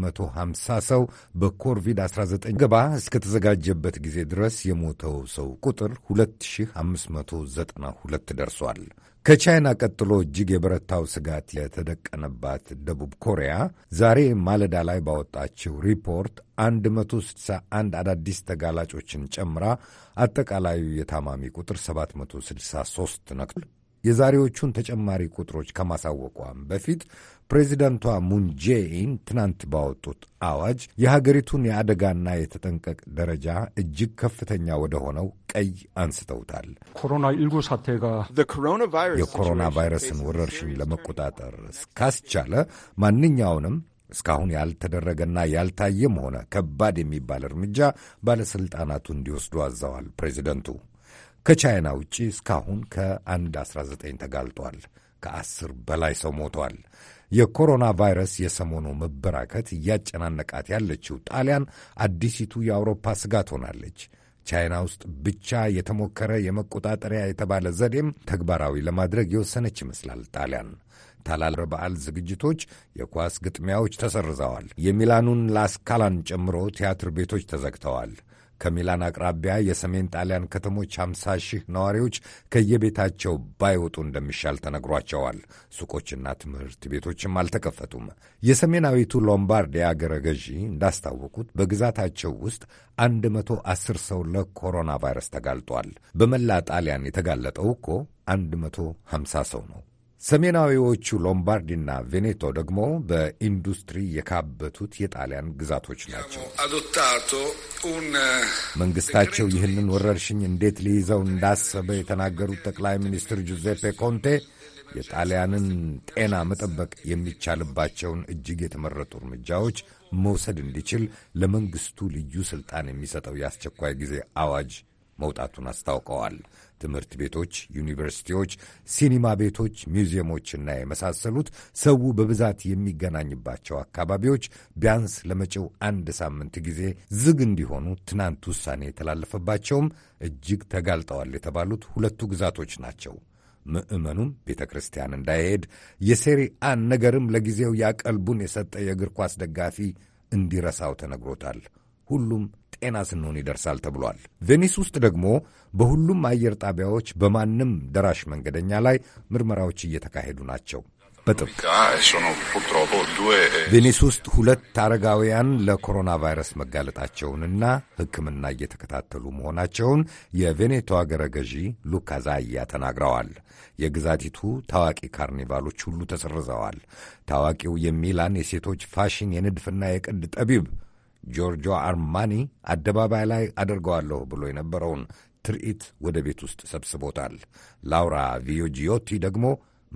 150 ሰው በኮቪድ-19 ገባ እስከተዘጋጀበት ጊዜ ድረስ የሞተው ሰው ቁጥር 2592 ደርሷል። ከቻይና ቀጥሎ እጅግ የበረታው ስጋት የተደቀነባት ደቡብ ኮሪያ ዛሬ ማለዳ ላይ ባወጣችው ሪፖርት 161 አዳዲስ ተጋላጮችን ጨምራ አጠቃላዩ የታማሚ ቁጥር 763 ነክቷል። የዛሬዎቹን ተጨማሪ ቁጥሮች ከማሳወቋም በፊት ፕሬዚደንቷ ሙንጄኢን ትናንት ባወጡት አዋጅ የሀገሪቱን የአደጋና የተጠንቀቅ ደረጃ እጅግ ከፍተኛ ወደ ሆነው ቀይ አንስተውታል። የኮሮና ቫይረስን ወረርሽኝ ለመቆጣጠር እስካስቻለ ማንኛውንም እስካሁን ያልተደረገና ያልታየም ሆነ ከባድ የሚባል እርምጃ ባለሥልጣናቱ እንዲወስዱ አዘዋል። ፕሬዚደንቱ ከቻይና ውጪ እስካሁን ከአንድ 19 ተጋልጧል። ከአስር በላይ ሰው ሞቷል። የኮሮና ቫይረስ የሰሞኑ መበራከት እያጨናነቃት ያለችው ጣሊያን አዲሲቱ የአውሮፓ ስጋት ሆናለች። ቻይና ውስጥ ብቻ የተሞከረ የመቆጣጠሪያ የተባለ ዘዴም ተግባራዊ ለማድረግ የወሰነች ይመስላል ጣሊያን። ታላል በዓል ዝግጅቶች፣ የኳስ ግጥሚያዎች ተሰርዘዋል። የሚላኑን ላስካላን ጨምሮ ቲያትር ቤቶች ተዘግተዋል። ከሚላን አቅራቢያ የሰሜን ጣሊያን ከተሞች 50 ሺህ ነዋሪዎች ከየቤታቸው ባይወጡ እንደሚሻል ተነግሯቸዋል። ሱቆችና ትምህርት ቤቶችም አልተከፈቱም። የሰሜናዊቱ ሎምባርዲያ የአገረ ገዢ እንዳስታወቁት በግዛታቸው ውስጥ 110 ሰው ለኮሮና ቫይረስ ተጋልጧል። በመላ ጣሊያን የተጋለጠው እኮ 150 ሰው ነው። ሰሜናዊዎቹ ሎምባርዲና ቬኔቶ ደግሞ በኢንዱስትሪ የካበቱት የጣሊያን ግዛቶች ናቸው። eh, መንግስታቸው ይህንን ወረርሽኝ እንዴት ሊይዘው እንዳሰበ የተናገሩት ጠቅላይ ሚኒስትር ጁዜፔ ኮንቴ የጣሊያንን ጤና መጠበቅ የሚቻልባቸውን እጅግ የተመረጡ እርምጃዎች መውሰድ እንዲችል ለመንግስቱ ልዩ ስልጣን የሚሰጠው የአስቸኳይ ጊዜ አዋጅ መውጣቱን አስታውቀዋል። ትምህርት ቤቶች፣ ዩኒቨርሲቲዎች፣ ሲኒማ ቤቶች፣ ሚውዚየሞችና የመሳሰሉት ሰው በብዛት የሚገናኝባቸው አካባቢዎች ቢያንስ ለመጪው አንድ ሳምንት ጊዜ ዝግ እንዲሆኑ ትናንት ውሳኔ የተላለፈባቸውም እጅግ ተጋልጠዋል የተባሉት ሁለቱ ግዛቶች ናቸው። ምዕመኑም ቤተ ክርስቲያን እንዳይሄድ የሴሪአን ነገርም ለጊዜው ያቀልቡን የሰጠ የእግር ኳስ ደጋፊ እንዲረሳው ተነግሮታል። ሁሉም ጤና ስንሆን ይደርሳል ተብሏል። ቬኒስ ውስጥ ደግሞ በሁሉም አየር ጣቢያዎች በማንም ደራሽ መንገደኛ ላይ ምርመራዎች እየተካሄዱ ናቸው። በጥብቅ ቬኒስ ውስጥ ሁለት አረጋውያን ለኮሮና ቫይረስ መጋለጣቸውንና ሕክምና እየተከታተሉ መሆናቸውን የቬኔቶ አገረ ገዢ ሉካ ዛያ ተናግረዋል። የግዛቲቱ ታዋቂ ካርኒቫሎች ሁሉ ተሰርዘዋል። ታዋቂው የሚላን የሴቶች ፋሽን የንድፍና የቅድ ጠቢብ ጆርጆ አርማኒ አደባባይ ላይ አደርገዋለሁ ብሎ የነበረውን ትርኢት ወደ ቤት ውስጥ ሰብስቦታል። ላውራ ቪዮጂዮቲ ደግሞ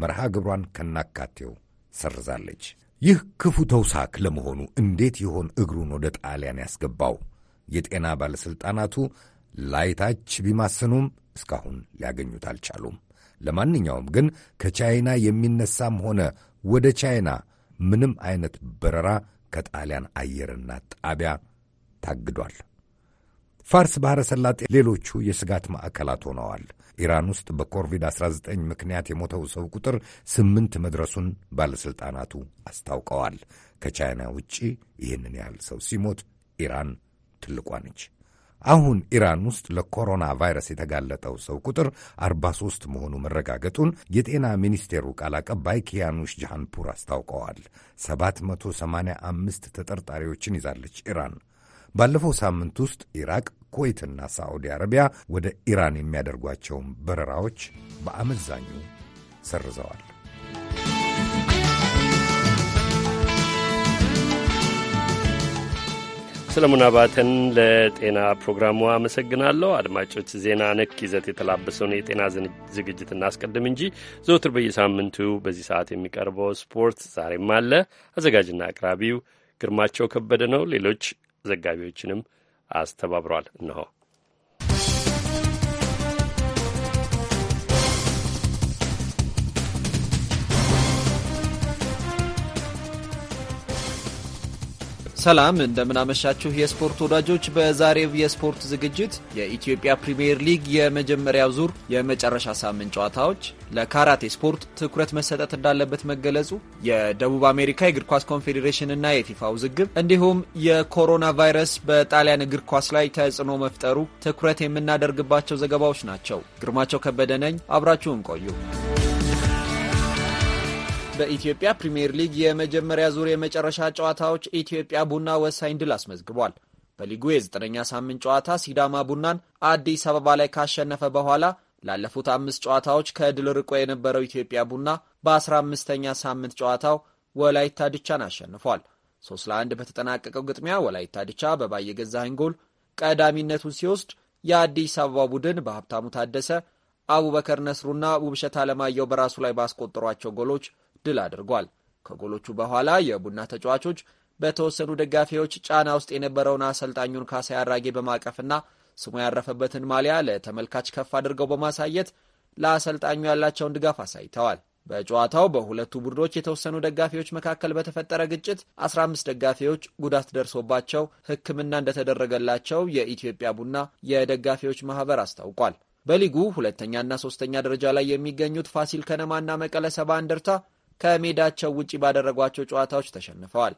መርሃ ግብሯን ከናካቴው ሰርዛለች። ይህ ክፉ ተውሳክ ለመሆኑ እንዴት ይሆን እግሩን ወደ ጣሊያን ያስገባው? የጤና ባለሥልጣናቱ ላይታች ቢማስኑም እስካሁን ሊያገኙት አልቻሉም። ለማንኛውም ግን ከቻይና የሚነሳም ሆነ ወደ ቻይና ምንም አይነት በረራ ከጣሊያን አየርና ጣቢያ ታግዷል። ፋርስ ባሕረ ሰላጤ ሌሎቹ የስጋት ማዕከላት ሆነዋል። ኢራን ውስጥ በኮቪድ-19 ምክንያት የሞተው ሰው ቁጥር ስምንት መድረሱን ባለሥልጣናቱ አስታውቀዋል። ከቻይና ውጪ ይህንን ያህል ሰው ሲሞት ኢራን ትልቋ ነች። አሁን ኢራን ውስጥ ለኮሮና ቫይረስ የተጋለጠው ሰው ቁጥር 43 መሆኑ መረጋገጡን የጤና ሚኒስቴሩ ቃል አቀባይ ኪያኑሽ ጃሃንፑር አስታውቀዋል። 785 ተጠርጣሪዎችን ይዛለች ኢራን። ባለፈው ሳምንት ውስጥ ኢራቅ፣ ኩዌትና ሳዑዲ አረቢያ ወደ ኢራን የሚያደርጓቸውን በረራዎች በአመዛኙ ሰርዘዋል። ሰለሞን አባተን ለጤና ፕሮግራሙ አመሰግናለሁ። አድማጮች፣ ዜና ነክ ይዘት የተላበሰውን የጤና ዝግጅት እናስቀድም እንጂ ዘወትር በየሳምንቱ በዚህ ሰዓት የሚቀርበው ስፖርት ዛሬም አለ። አዘጋጅና አቅራቢው ግርማቸው ከበደ ነው። ሌሎች ዘጋቢዎችንም አስተባብሯል። እንሆ ሰላም እንደምናመሻችሁ የስፖርት ወዳጆች። በዛሬው የስፖርት ዝግጅት የኢትዮጵያ ፕሪምየር ሊግ የመጀመሪያው ዙር የመጨረሻ ሳምንት ጨዋታዎች፣ ለካራቴ ስፖርት ትኩረት መሰጠት እንዳለበት መገለጹ፣ የደቡብ አሜሪካ የእግር ኳስ ኮንፌዴሬሽን እና የፊፋ ውዝግብ እንዲሁም የኮሮና ቫይረስ በጣሊያን እግር ኳስ ላይ ተጽዕኖ መፍጠሩ ትኩረት የምናደርግባቸው ዘገባዎች ናቸው። ግርማቸው ከበደ ነኝ። አብራችሁን ቆዩ። በኢትዮጵያ ፕሪምየር ሊግ የመጀመሪያ ዙር የመጨረሻ ጨዋታዎች ኢትዮጵያ ቡና ወሳኝ ድል አስመዝግቧል። በሊጉ የዘጠነኛ ሳምንት ጨዋታ ሲዳማ ቡናን አዲስ አበባ ላይ ካሸነፈ በኋላ ላለፉት አምስት ጨዋታዎች ከድል ርቆ የነበረው ኢትዮጵያ ቡና በአስራ አምስተኛ ሳምንት ጨዋታው ወላይታ ድቻን አሸንፏል። ሶስት ለአንድ በተጠናቀቀው ግጥሚያ ወላይታ ድቻ በባየ ገዛኸኝ ጎል ቀዳሚነቱን ሲወስድ የአዲስ አበባ ቡድን በሀብታሙ ታደሰ፣ አቡበከር ነስሩና ውብሸት አለማየሁ በራሱ ላይ ባስቆጠሯቸው ጎሎች ድል አድርጓል። ከጎሎቹ በኋላ የቡና ተጫዋቾች በተወሰኑ ደጋፊዎች ጫና ውስጥ የነበረውን አሰልጣኙን ካሳዬ አራጌ በማቀፍና ስሙ ያረፈበትን ማሊያ ለተመልካች ከፍ አድርገው በማሳየት ለአሰልጣኙ ያላቸውን ድጋፍ አሳይተዋል። በጨዋታው በሁለቱ ቡድኖች የተወሰኑ ደጋፊዎች መካከል በተፈጠረ ግጭት 15 ደጋፊዎች ጉዳት ደርሶባቸው ሕክምና እንደተደረገላቸው የኢትዮጵያ ቡና የደጋፊዎች ማህበር አስታውቋል። በሊጉ ሁለተኛና ሶስተኛ ደረጃ ላይ የሚገኙት ፋሲል ከነማና መቀለ ሰባ እንደርታ ከሜዳቸው ውጪ ባደረጓቸው ጨዋታዎች ተሸንፈዋል።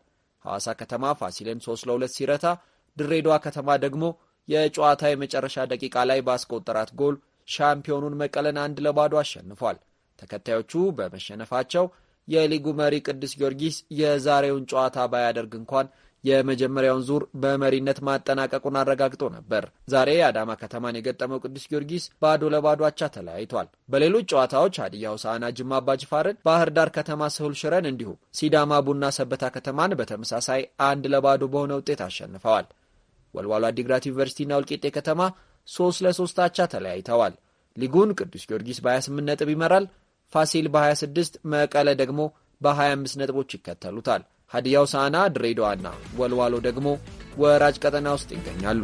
ሐዋሳ ከተማ ፋሲልን 3 ለ2 ሲረታ፣ ድሬዳዋ ከተማ ደግሞ የጨዋታ የመጨረሻ ደቂቃ ላይ ባስቆጠራት ጎል ሻምፒዮኑን መቀለን አንድ ለባዶ አሸንፏል። ተከታዮቹ በመሸነፋቸው የሊጉ መሪ ቅዱስ ጊዮርጊስ የዛሬውን ጨዋታ ባያደርግ እንኳን የመጀመሪያውን ዙር በመሪነት ማጠናቀቁን አረጋግጦ ነበር። ዛሬ አዳማ ከተማን የገጠመው ቅዱስ ጊዮርጊስ ባዶ ለባዶ አቻ ተለያይቷል። በሌሎች ጨዋታዎች ሀዲያ ሆሳዕና ጅማ አባጅፋርን፣ ባህር ዳር ከተማ ስሁል ሽረን እንዲሁም ሲዳማ ቡና ሰበታ ከተማን በተመሳሳይ አንድ ለባዶ በሆነ ውጤት አሸንፈዋል። ወልዋሎ አዲግራት ዩኒቨርሲቲና ወልቂጤ ከተማ ሶስት ለሶስት አቻ ተለያይተዋል። ሊጉን ቅዱስ ጊዮርጊስ በ28 ነጥብ ይመራል። ፋሲል በ26 መቀለ ደግሞ በ25 ነጥቦች ይከተሉታል። ሀዲያ ሆሳዕና ድሬዳዋና ወልዋሎ ደግሞ ወራጅ ቀጠና ውስጥ ይገኛሉ።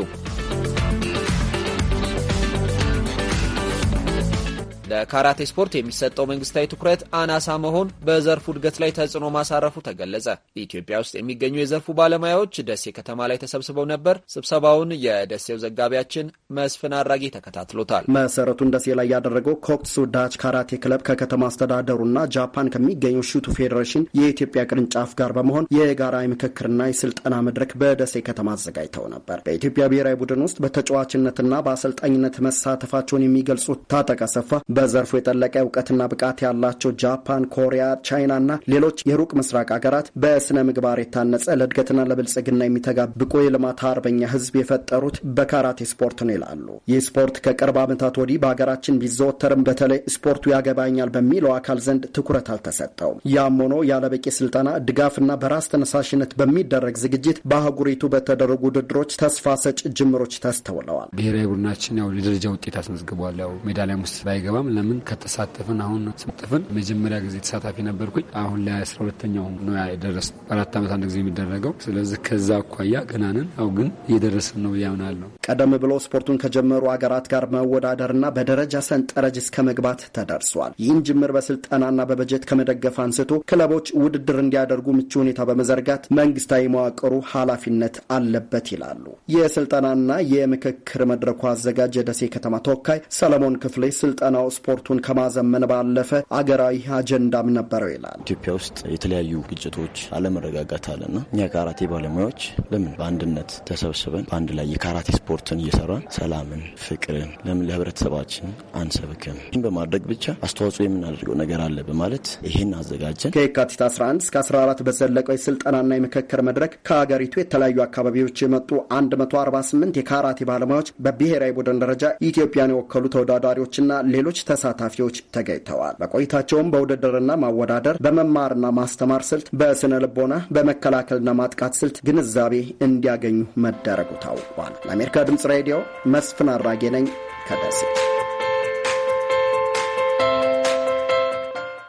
ለካራቴ ስፖርት የሚሰጠው መንግስታዊ ትኩረት አናሳ መሆን በዘርፉ እድገት ላይ ተጽዕኖ ማሳረፉ ተገለጸ። ኢትዮጵያ ውስጥ የሚገኙ የዘርፉ ባለሙያዎች ደሴ ከተማ ላይ ተሰብስበው ነበር። ስብሰባውን የደሴው ዘጋቢያችን መስፍን አድራጊ ተከታትሎታል። መሰረቱን ደሴ ላይ ያደረገው ኮክሱ ዳች ካራቴ ክለብ ከከተማ አስተዳደሩና ጃፓን ከሚገኘው ሹቱ ፌዴሬሽን የኢትዮጵያ ቅርንጫፍ ጋር በመሆን የጋራ የምክክርና የስልጠና መድረክ በደሴ ከተማ አዘጋጅተው ነበር። በኢትዮጵያ ብሔራዊ ቡድን ውስጥ በተጫዋችነትና በአሰልጣኝነት መሳተፋቸውን የሚገልጹት ታጠቀ ሰፋ በዘርፉ የጠለቀ እውቀትና ብቃት ያላቸው ጃፓን፣ ኮሪያ፣ ቻይና እና ሌሎች የሩቅ ምስራቅ ሀገራት በስነ ምግባር የታነጸ ለእድገትና ለብልጽግና የሚተጋ ብቁ የልማት አርበኛ ህዝብ የፈጠሩት በካራቴ ስፖርት ነው ይላሉ። ይህ ስፖርት ከቅርብ ዓመታት ወዲህ በሀገራችን ቢዘወተርም በተለይ ስፖርቱ ያገባኛል በሚለው አካል ዘንድ ትኩረት አልተሰጠውም። ያም ሆኖ ያለበቂ ስልጠና፣ ድጋፍና በራስ ተነሳሽነት በሚደረግ ዝግጅት በአህጉሪቱ በተደረጉ ውድድሮች ተስፋ ሰጭ ጅምሮች ተስተውለዋል። ብሔራዊ ቡድናችን ያው የደረጃ ውጤት አስመዝግቧል። ያው ሜዳሊያም ውስጥ ባይገባም በጣም ለምን ከተሳተፍን አሁን ስጥፍን መጀመሪያ ጊዜ ተሳታፊ ነበርኩኝ። አሁን ላይ አስራ ሁለተኛው ነው የደረስ አራት ዓመት አንድ ጊዜ የሚደረገው ስለዚህ ከዛ አኳያ ገናንን አው ግን እየደረስን ነው ያምናለሁ። ቀደም ብሎ ስፖርቱን ከጀመሩ አገራት ጋር መወዳደርና በደረጃ ሰንጠረዥ እስከ መግባት ተደርሷል። ይህን ጅምር በስልጠናና በበጀት ከመደገፍ አንስቶ ክለቦች ውድድር እንዲያደርጉ ምቹ ሁኔታ በመዘርጋት መንግስታዊ መዋቅሩ ኃላፊነት አለበት ይላሉ። የስልጠናና የምክክር መድረኩ አዘጋጅ የደሴ ከተማ ተወካይ ሰለሞን ክፍሌ ስልጠናው ስፖርቱን ከማዘመን ባለፈ አገራዊ አጀንዳም ነበረው ይላል። ኢትዮጵያ ውስጥ የተለያዩ ግጭቶች፣ አለመረጋጋት አለና እኛ ካራቴ ባለሙያዎች ለምን በአንድነት ተሰብስበን በአንድ ላይ የካራቴ ስፖርትን እየሰራን ሰላምን፣ ፍቅርን ለምን ለህብረተሰባችን አንሰብክም? ይህን በማድረግ ብቻ አስተዋጽኦ የምናደርገው ነገር አለ በማለት ይህን አዘጋጀን። ከየካቲት 11 እስከ 14 በዘለቀው የስልጠናና የምክክር መድረክ ከሀገሪቱ የተለያዩ አካባቢዎች የመጡ 148 የካራቴ ባለሙያዎች በብሔራዊ ቡድን ደረጃ ኢትዮጵያን የወከሉ ተወዳዳሪዎችና ሌሎች ተሳታፊዎች ተገኝተዋል። በቆይታቸውም በውድድርና ማወዳደር፣ በመማርና ማስተማር ስልት፣ በስነ ልቦና፣ በመከላከልና ማጥቃት ስልት ግንዛቤ እንዲያገኙ መደረጉ ታውቋል። ለአሜሪካ ድምጽ ሬዲዮ መስፍን አራጌ ነኝ ከደሴ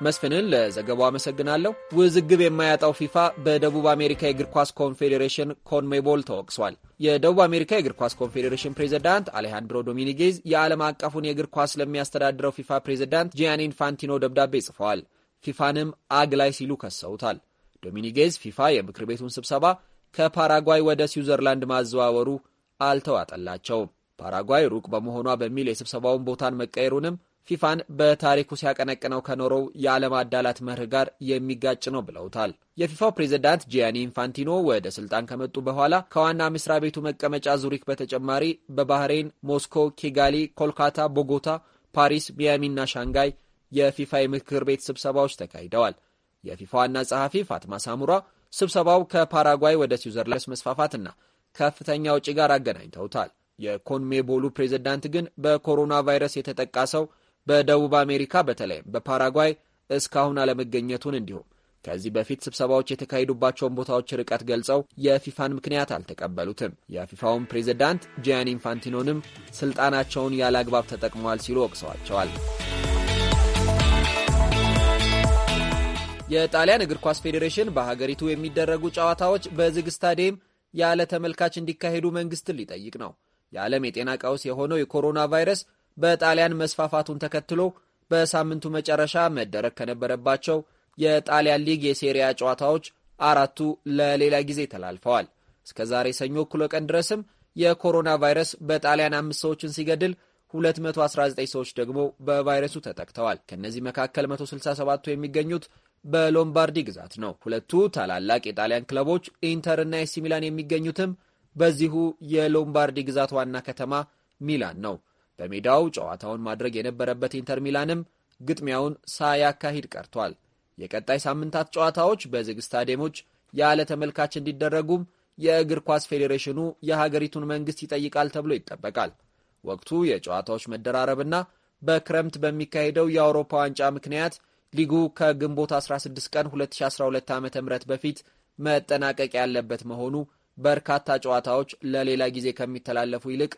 መስፍንን ለዘገባው አመሰግናለሁ። ውዝግብ የማያጣው ፊፋ በደቡብ አሜሪካ የእግር ኳስ ኮንፌዴሬሽን ኮንሜቦል ተወቅሷል። የደቡብ አሜሪካ የእግር ኳስ ኮንፌዴሬሽን ፕሬዚዳንት አሌሃንድሮ ዶሚኒጌዝ የዓለም አቀፉን የእግር ኳስ ለሚያስተዳድረው ፊፋ ፕሬዚዳንት ጂያኒ ኢንፋንቲኖ ደብዳቤ ጽፈዋል። ፊፋንም አግላይ ሲሉ ከሰውታል። ዶሚኒጌዝ ፊፋ የምክር ቤቱን ስብሰባ ከፓራጓይ ወደ ስዊዘርላንድ ማዘዋወሩ አልተዋጠላቸውም። ፓራጓይ ሩቅ በመሆኗ በሚል የስብሰባውን ቦታን መቀየሩንም ፊፋን በታሪኩ ሲያቀነቅነው ከኖረው የዓለም አዳላት መርህ ጋር የሚጋጭ ነው ብለውታል። የፊፋው ፕሬዝዳንት ጂያኒ ኢንፋንቲኖ ወደ ስልጣን ከመጡ በኋላ ከዋና መስሪያ ቤቱ መቀመጫ ዙሪክ በተጨማሪ በባህሬን፣ ሞስኮ፣ ኪጋሊ፣ ኮልካታ፣ ቦጎታ፣ ፓሪስ፣ ሚያሚና ሻንጋይ የፊፋ የምክር ቤት ስብሰባዎች ተካሂደዋል። የፊፋ ዋና ጸሐፊ ፋትማ ሳሙራ ስብሰባው ከፓራጓይ ወደ ስዊዘርላንድ መስፋፋትና ከፍተኛ ውጪ ጋር አገናኝተውታል። የኮንሜቦሉ ፕሬዝዳንት ግን በኮሮና ቫይረስ የተጠቃ ሰው በደቡብ አሜሪካ በተለይም በፓራጓይ እስካሁን አለመገኘቱን እንዲሁም ከዚህ በፊት ስብሰባዎች የተካሄዱባቸውን ቦታዎች ርቀት ገልጸው የፊፋን ምክንያት አልተቀበሉትም። የፊፋውን ፕሬዝዳንት ጂያን ኢንፋንቲኖንም ስልጣናቸውን ያለ አግባብ ተጠቅመዋል ሲሉ ወቅሰዋቸዋል። የጣሊያን እግር ኳስ ፌዴሬሽን በሀገሪቱ የሚደረጉ ጨዋታዎች በዝግ ስታዲየም ያለ ተመልካች እንዲካሄዱ መንግስትን ሊጠይቅ ነው። የዓለም የጤና ቀውስ የሆነው የኮሮና ቫይረስ በጣሊያን መስፋፋቱን ተከትሎ በሳምንቱ መጨረሻ መደረግ ከነበረባቸው የጣሊያን ሊግ የሴሪያ ጨዋታዎች አራቱ ለሌላ ጊዜ ተላልፈዋል። እስከ ዛሬ ሰኞ እኩለ ቀን ድረስም የኮሮና ቫይረስ በጣሊያን አምስት ሰዎችን ሲገድል 219 ሰዎች ደግሞ በቫይረሱ ተጠቅተዋል። ከእነዚህ መካከል 167ቱ የሚገኙት በሎምባርዲ ግዛት ነው። ሁለቱ ታላላቅ የጣሊያን ክለቦች ኢንተር እና ኤሲ ሚላን የሚገኙትም በዚሁ የሎምባርዲ ግዛት ዋና ከተማ ሚላን ነው። በሜዳው ጨዋታውን ማድረግ የነበረበት ኢንተር ሚላንም ግጥሚያውን ሳያካሂድ ቀርቷል። የቀጣይ ሳምንታት ጨዋታዎች በዝግ ስታዲየሞች ያለ ተመልካች እንዲደረጉም የእግር ኳስ ፌዴሬሽኑ የሀገሪቱን መንግስት ይጠይቃል ተብሎ ይጠበቃል። ወቅቱ የጨዋታዎች መደራረብና በክረምት በሚካሄደው የአውሮፓ ዋንጫ ምክንያት ሊጉ ከግንቦት 16 ቀን 2012 ዓ ም በፊት መጠናቀቅ ያለበት መሆኑ በርካታ ጨዋታዎች ለሌላ ጊዜ ከሚተላለፉ ይልቅ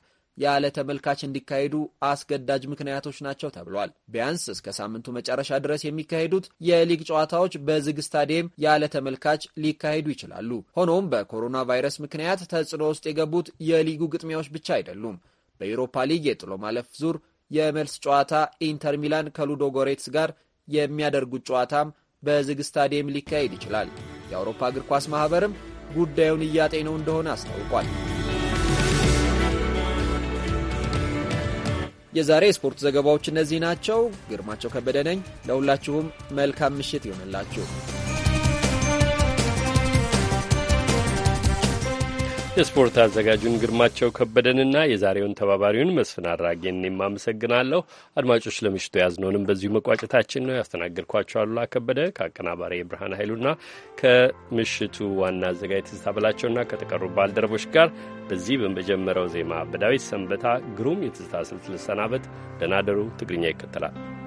ያለ ተመልካች እንዲካሄዱ አስገዳጅ ምክንያቶች ናቸው ተብሏል። ቢያንስ እስከ ሳምንቱ መጨረሻ ድረስ የሚካሄዱት የሊግ ጨዋታዎች በዝግ ስታዲየም ያለ ተመልካች ሊካሄዱ ይችላሉ። ሆኖም በኮሮና ቫይረስ ምክንያት ተጽዕኖ ውስጥ የገቡት የሊጉ ግጥሚያዎች ብቻ አይደሉም። በዩሮፓ ሊግ የጥሎ ማለፍ ዙር የመልስ ጨዋታ ኢንተር ሚላን ከሉዶ ጎሬትስ ጋር የሚያደርጉት ጨዋታም በዝግ ስታዲየም ሊካሄድ ይችላል። የአውሮፓ እግር ኳስ ማኅበርም ጉዳዩን እያጤነው እንደሆነ አስታውቋል። የዛሬ የስፖርት ዘገባዎች እነዚህ ናቸው። ግርማቸው ከበደ ነኝ። ለሁላችሁም መልካም ምሽት ይሆንላችሁ። የስፖርት አዘጋጁን ግርማቸው ከበደንና የዛሬውን ተባባሪውን መስፍን አድራጌን የማመሰግናለሁ። አድማጮች ለምሽቱ ያዝነውንም በዚሁ መቋጨታችን ነው። ያስተናገድኳቸው አሉላ ከበደ ከአቀናባሪ የብርሃን ኃይሉና ከምሽቱ ዋና አዘጋጅ ትዝታ በላቸውና ከተቀሩ ባልደረቦች ጋር በዚህ በመጀመሪያው ዜማ በዳዊት ሰንበታ ግሩም የትዝታ ስልት ልሰናበት። ደናደሩ ትግርኛ ይከተላል።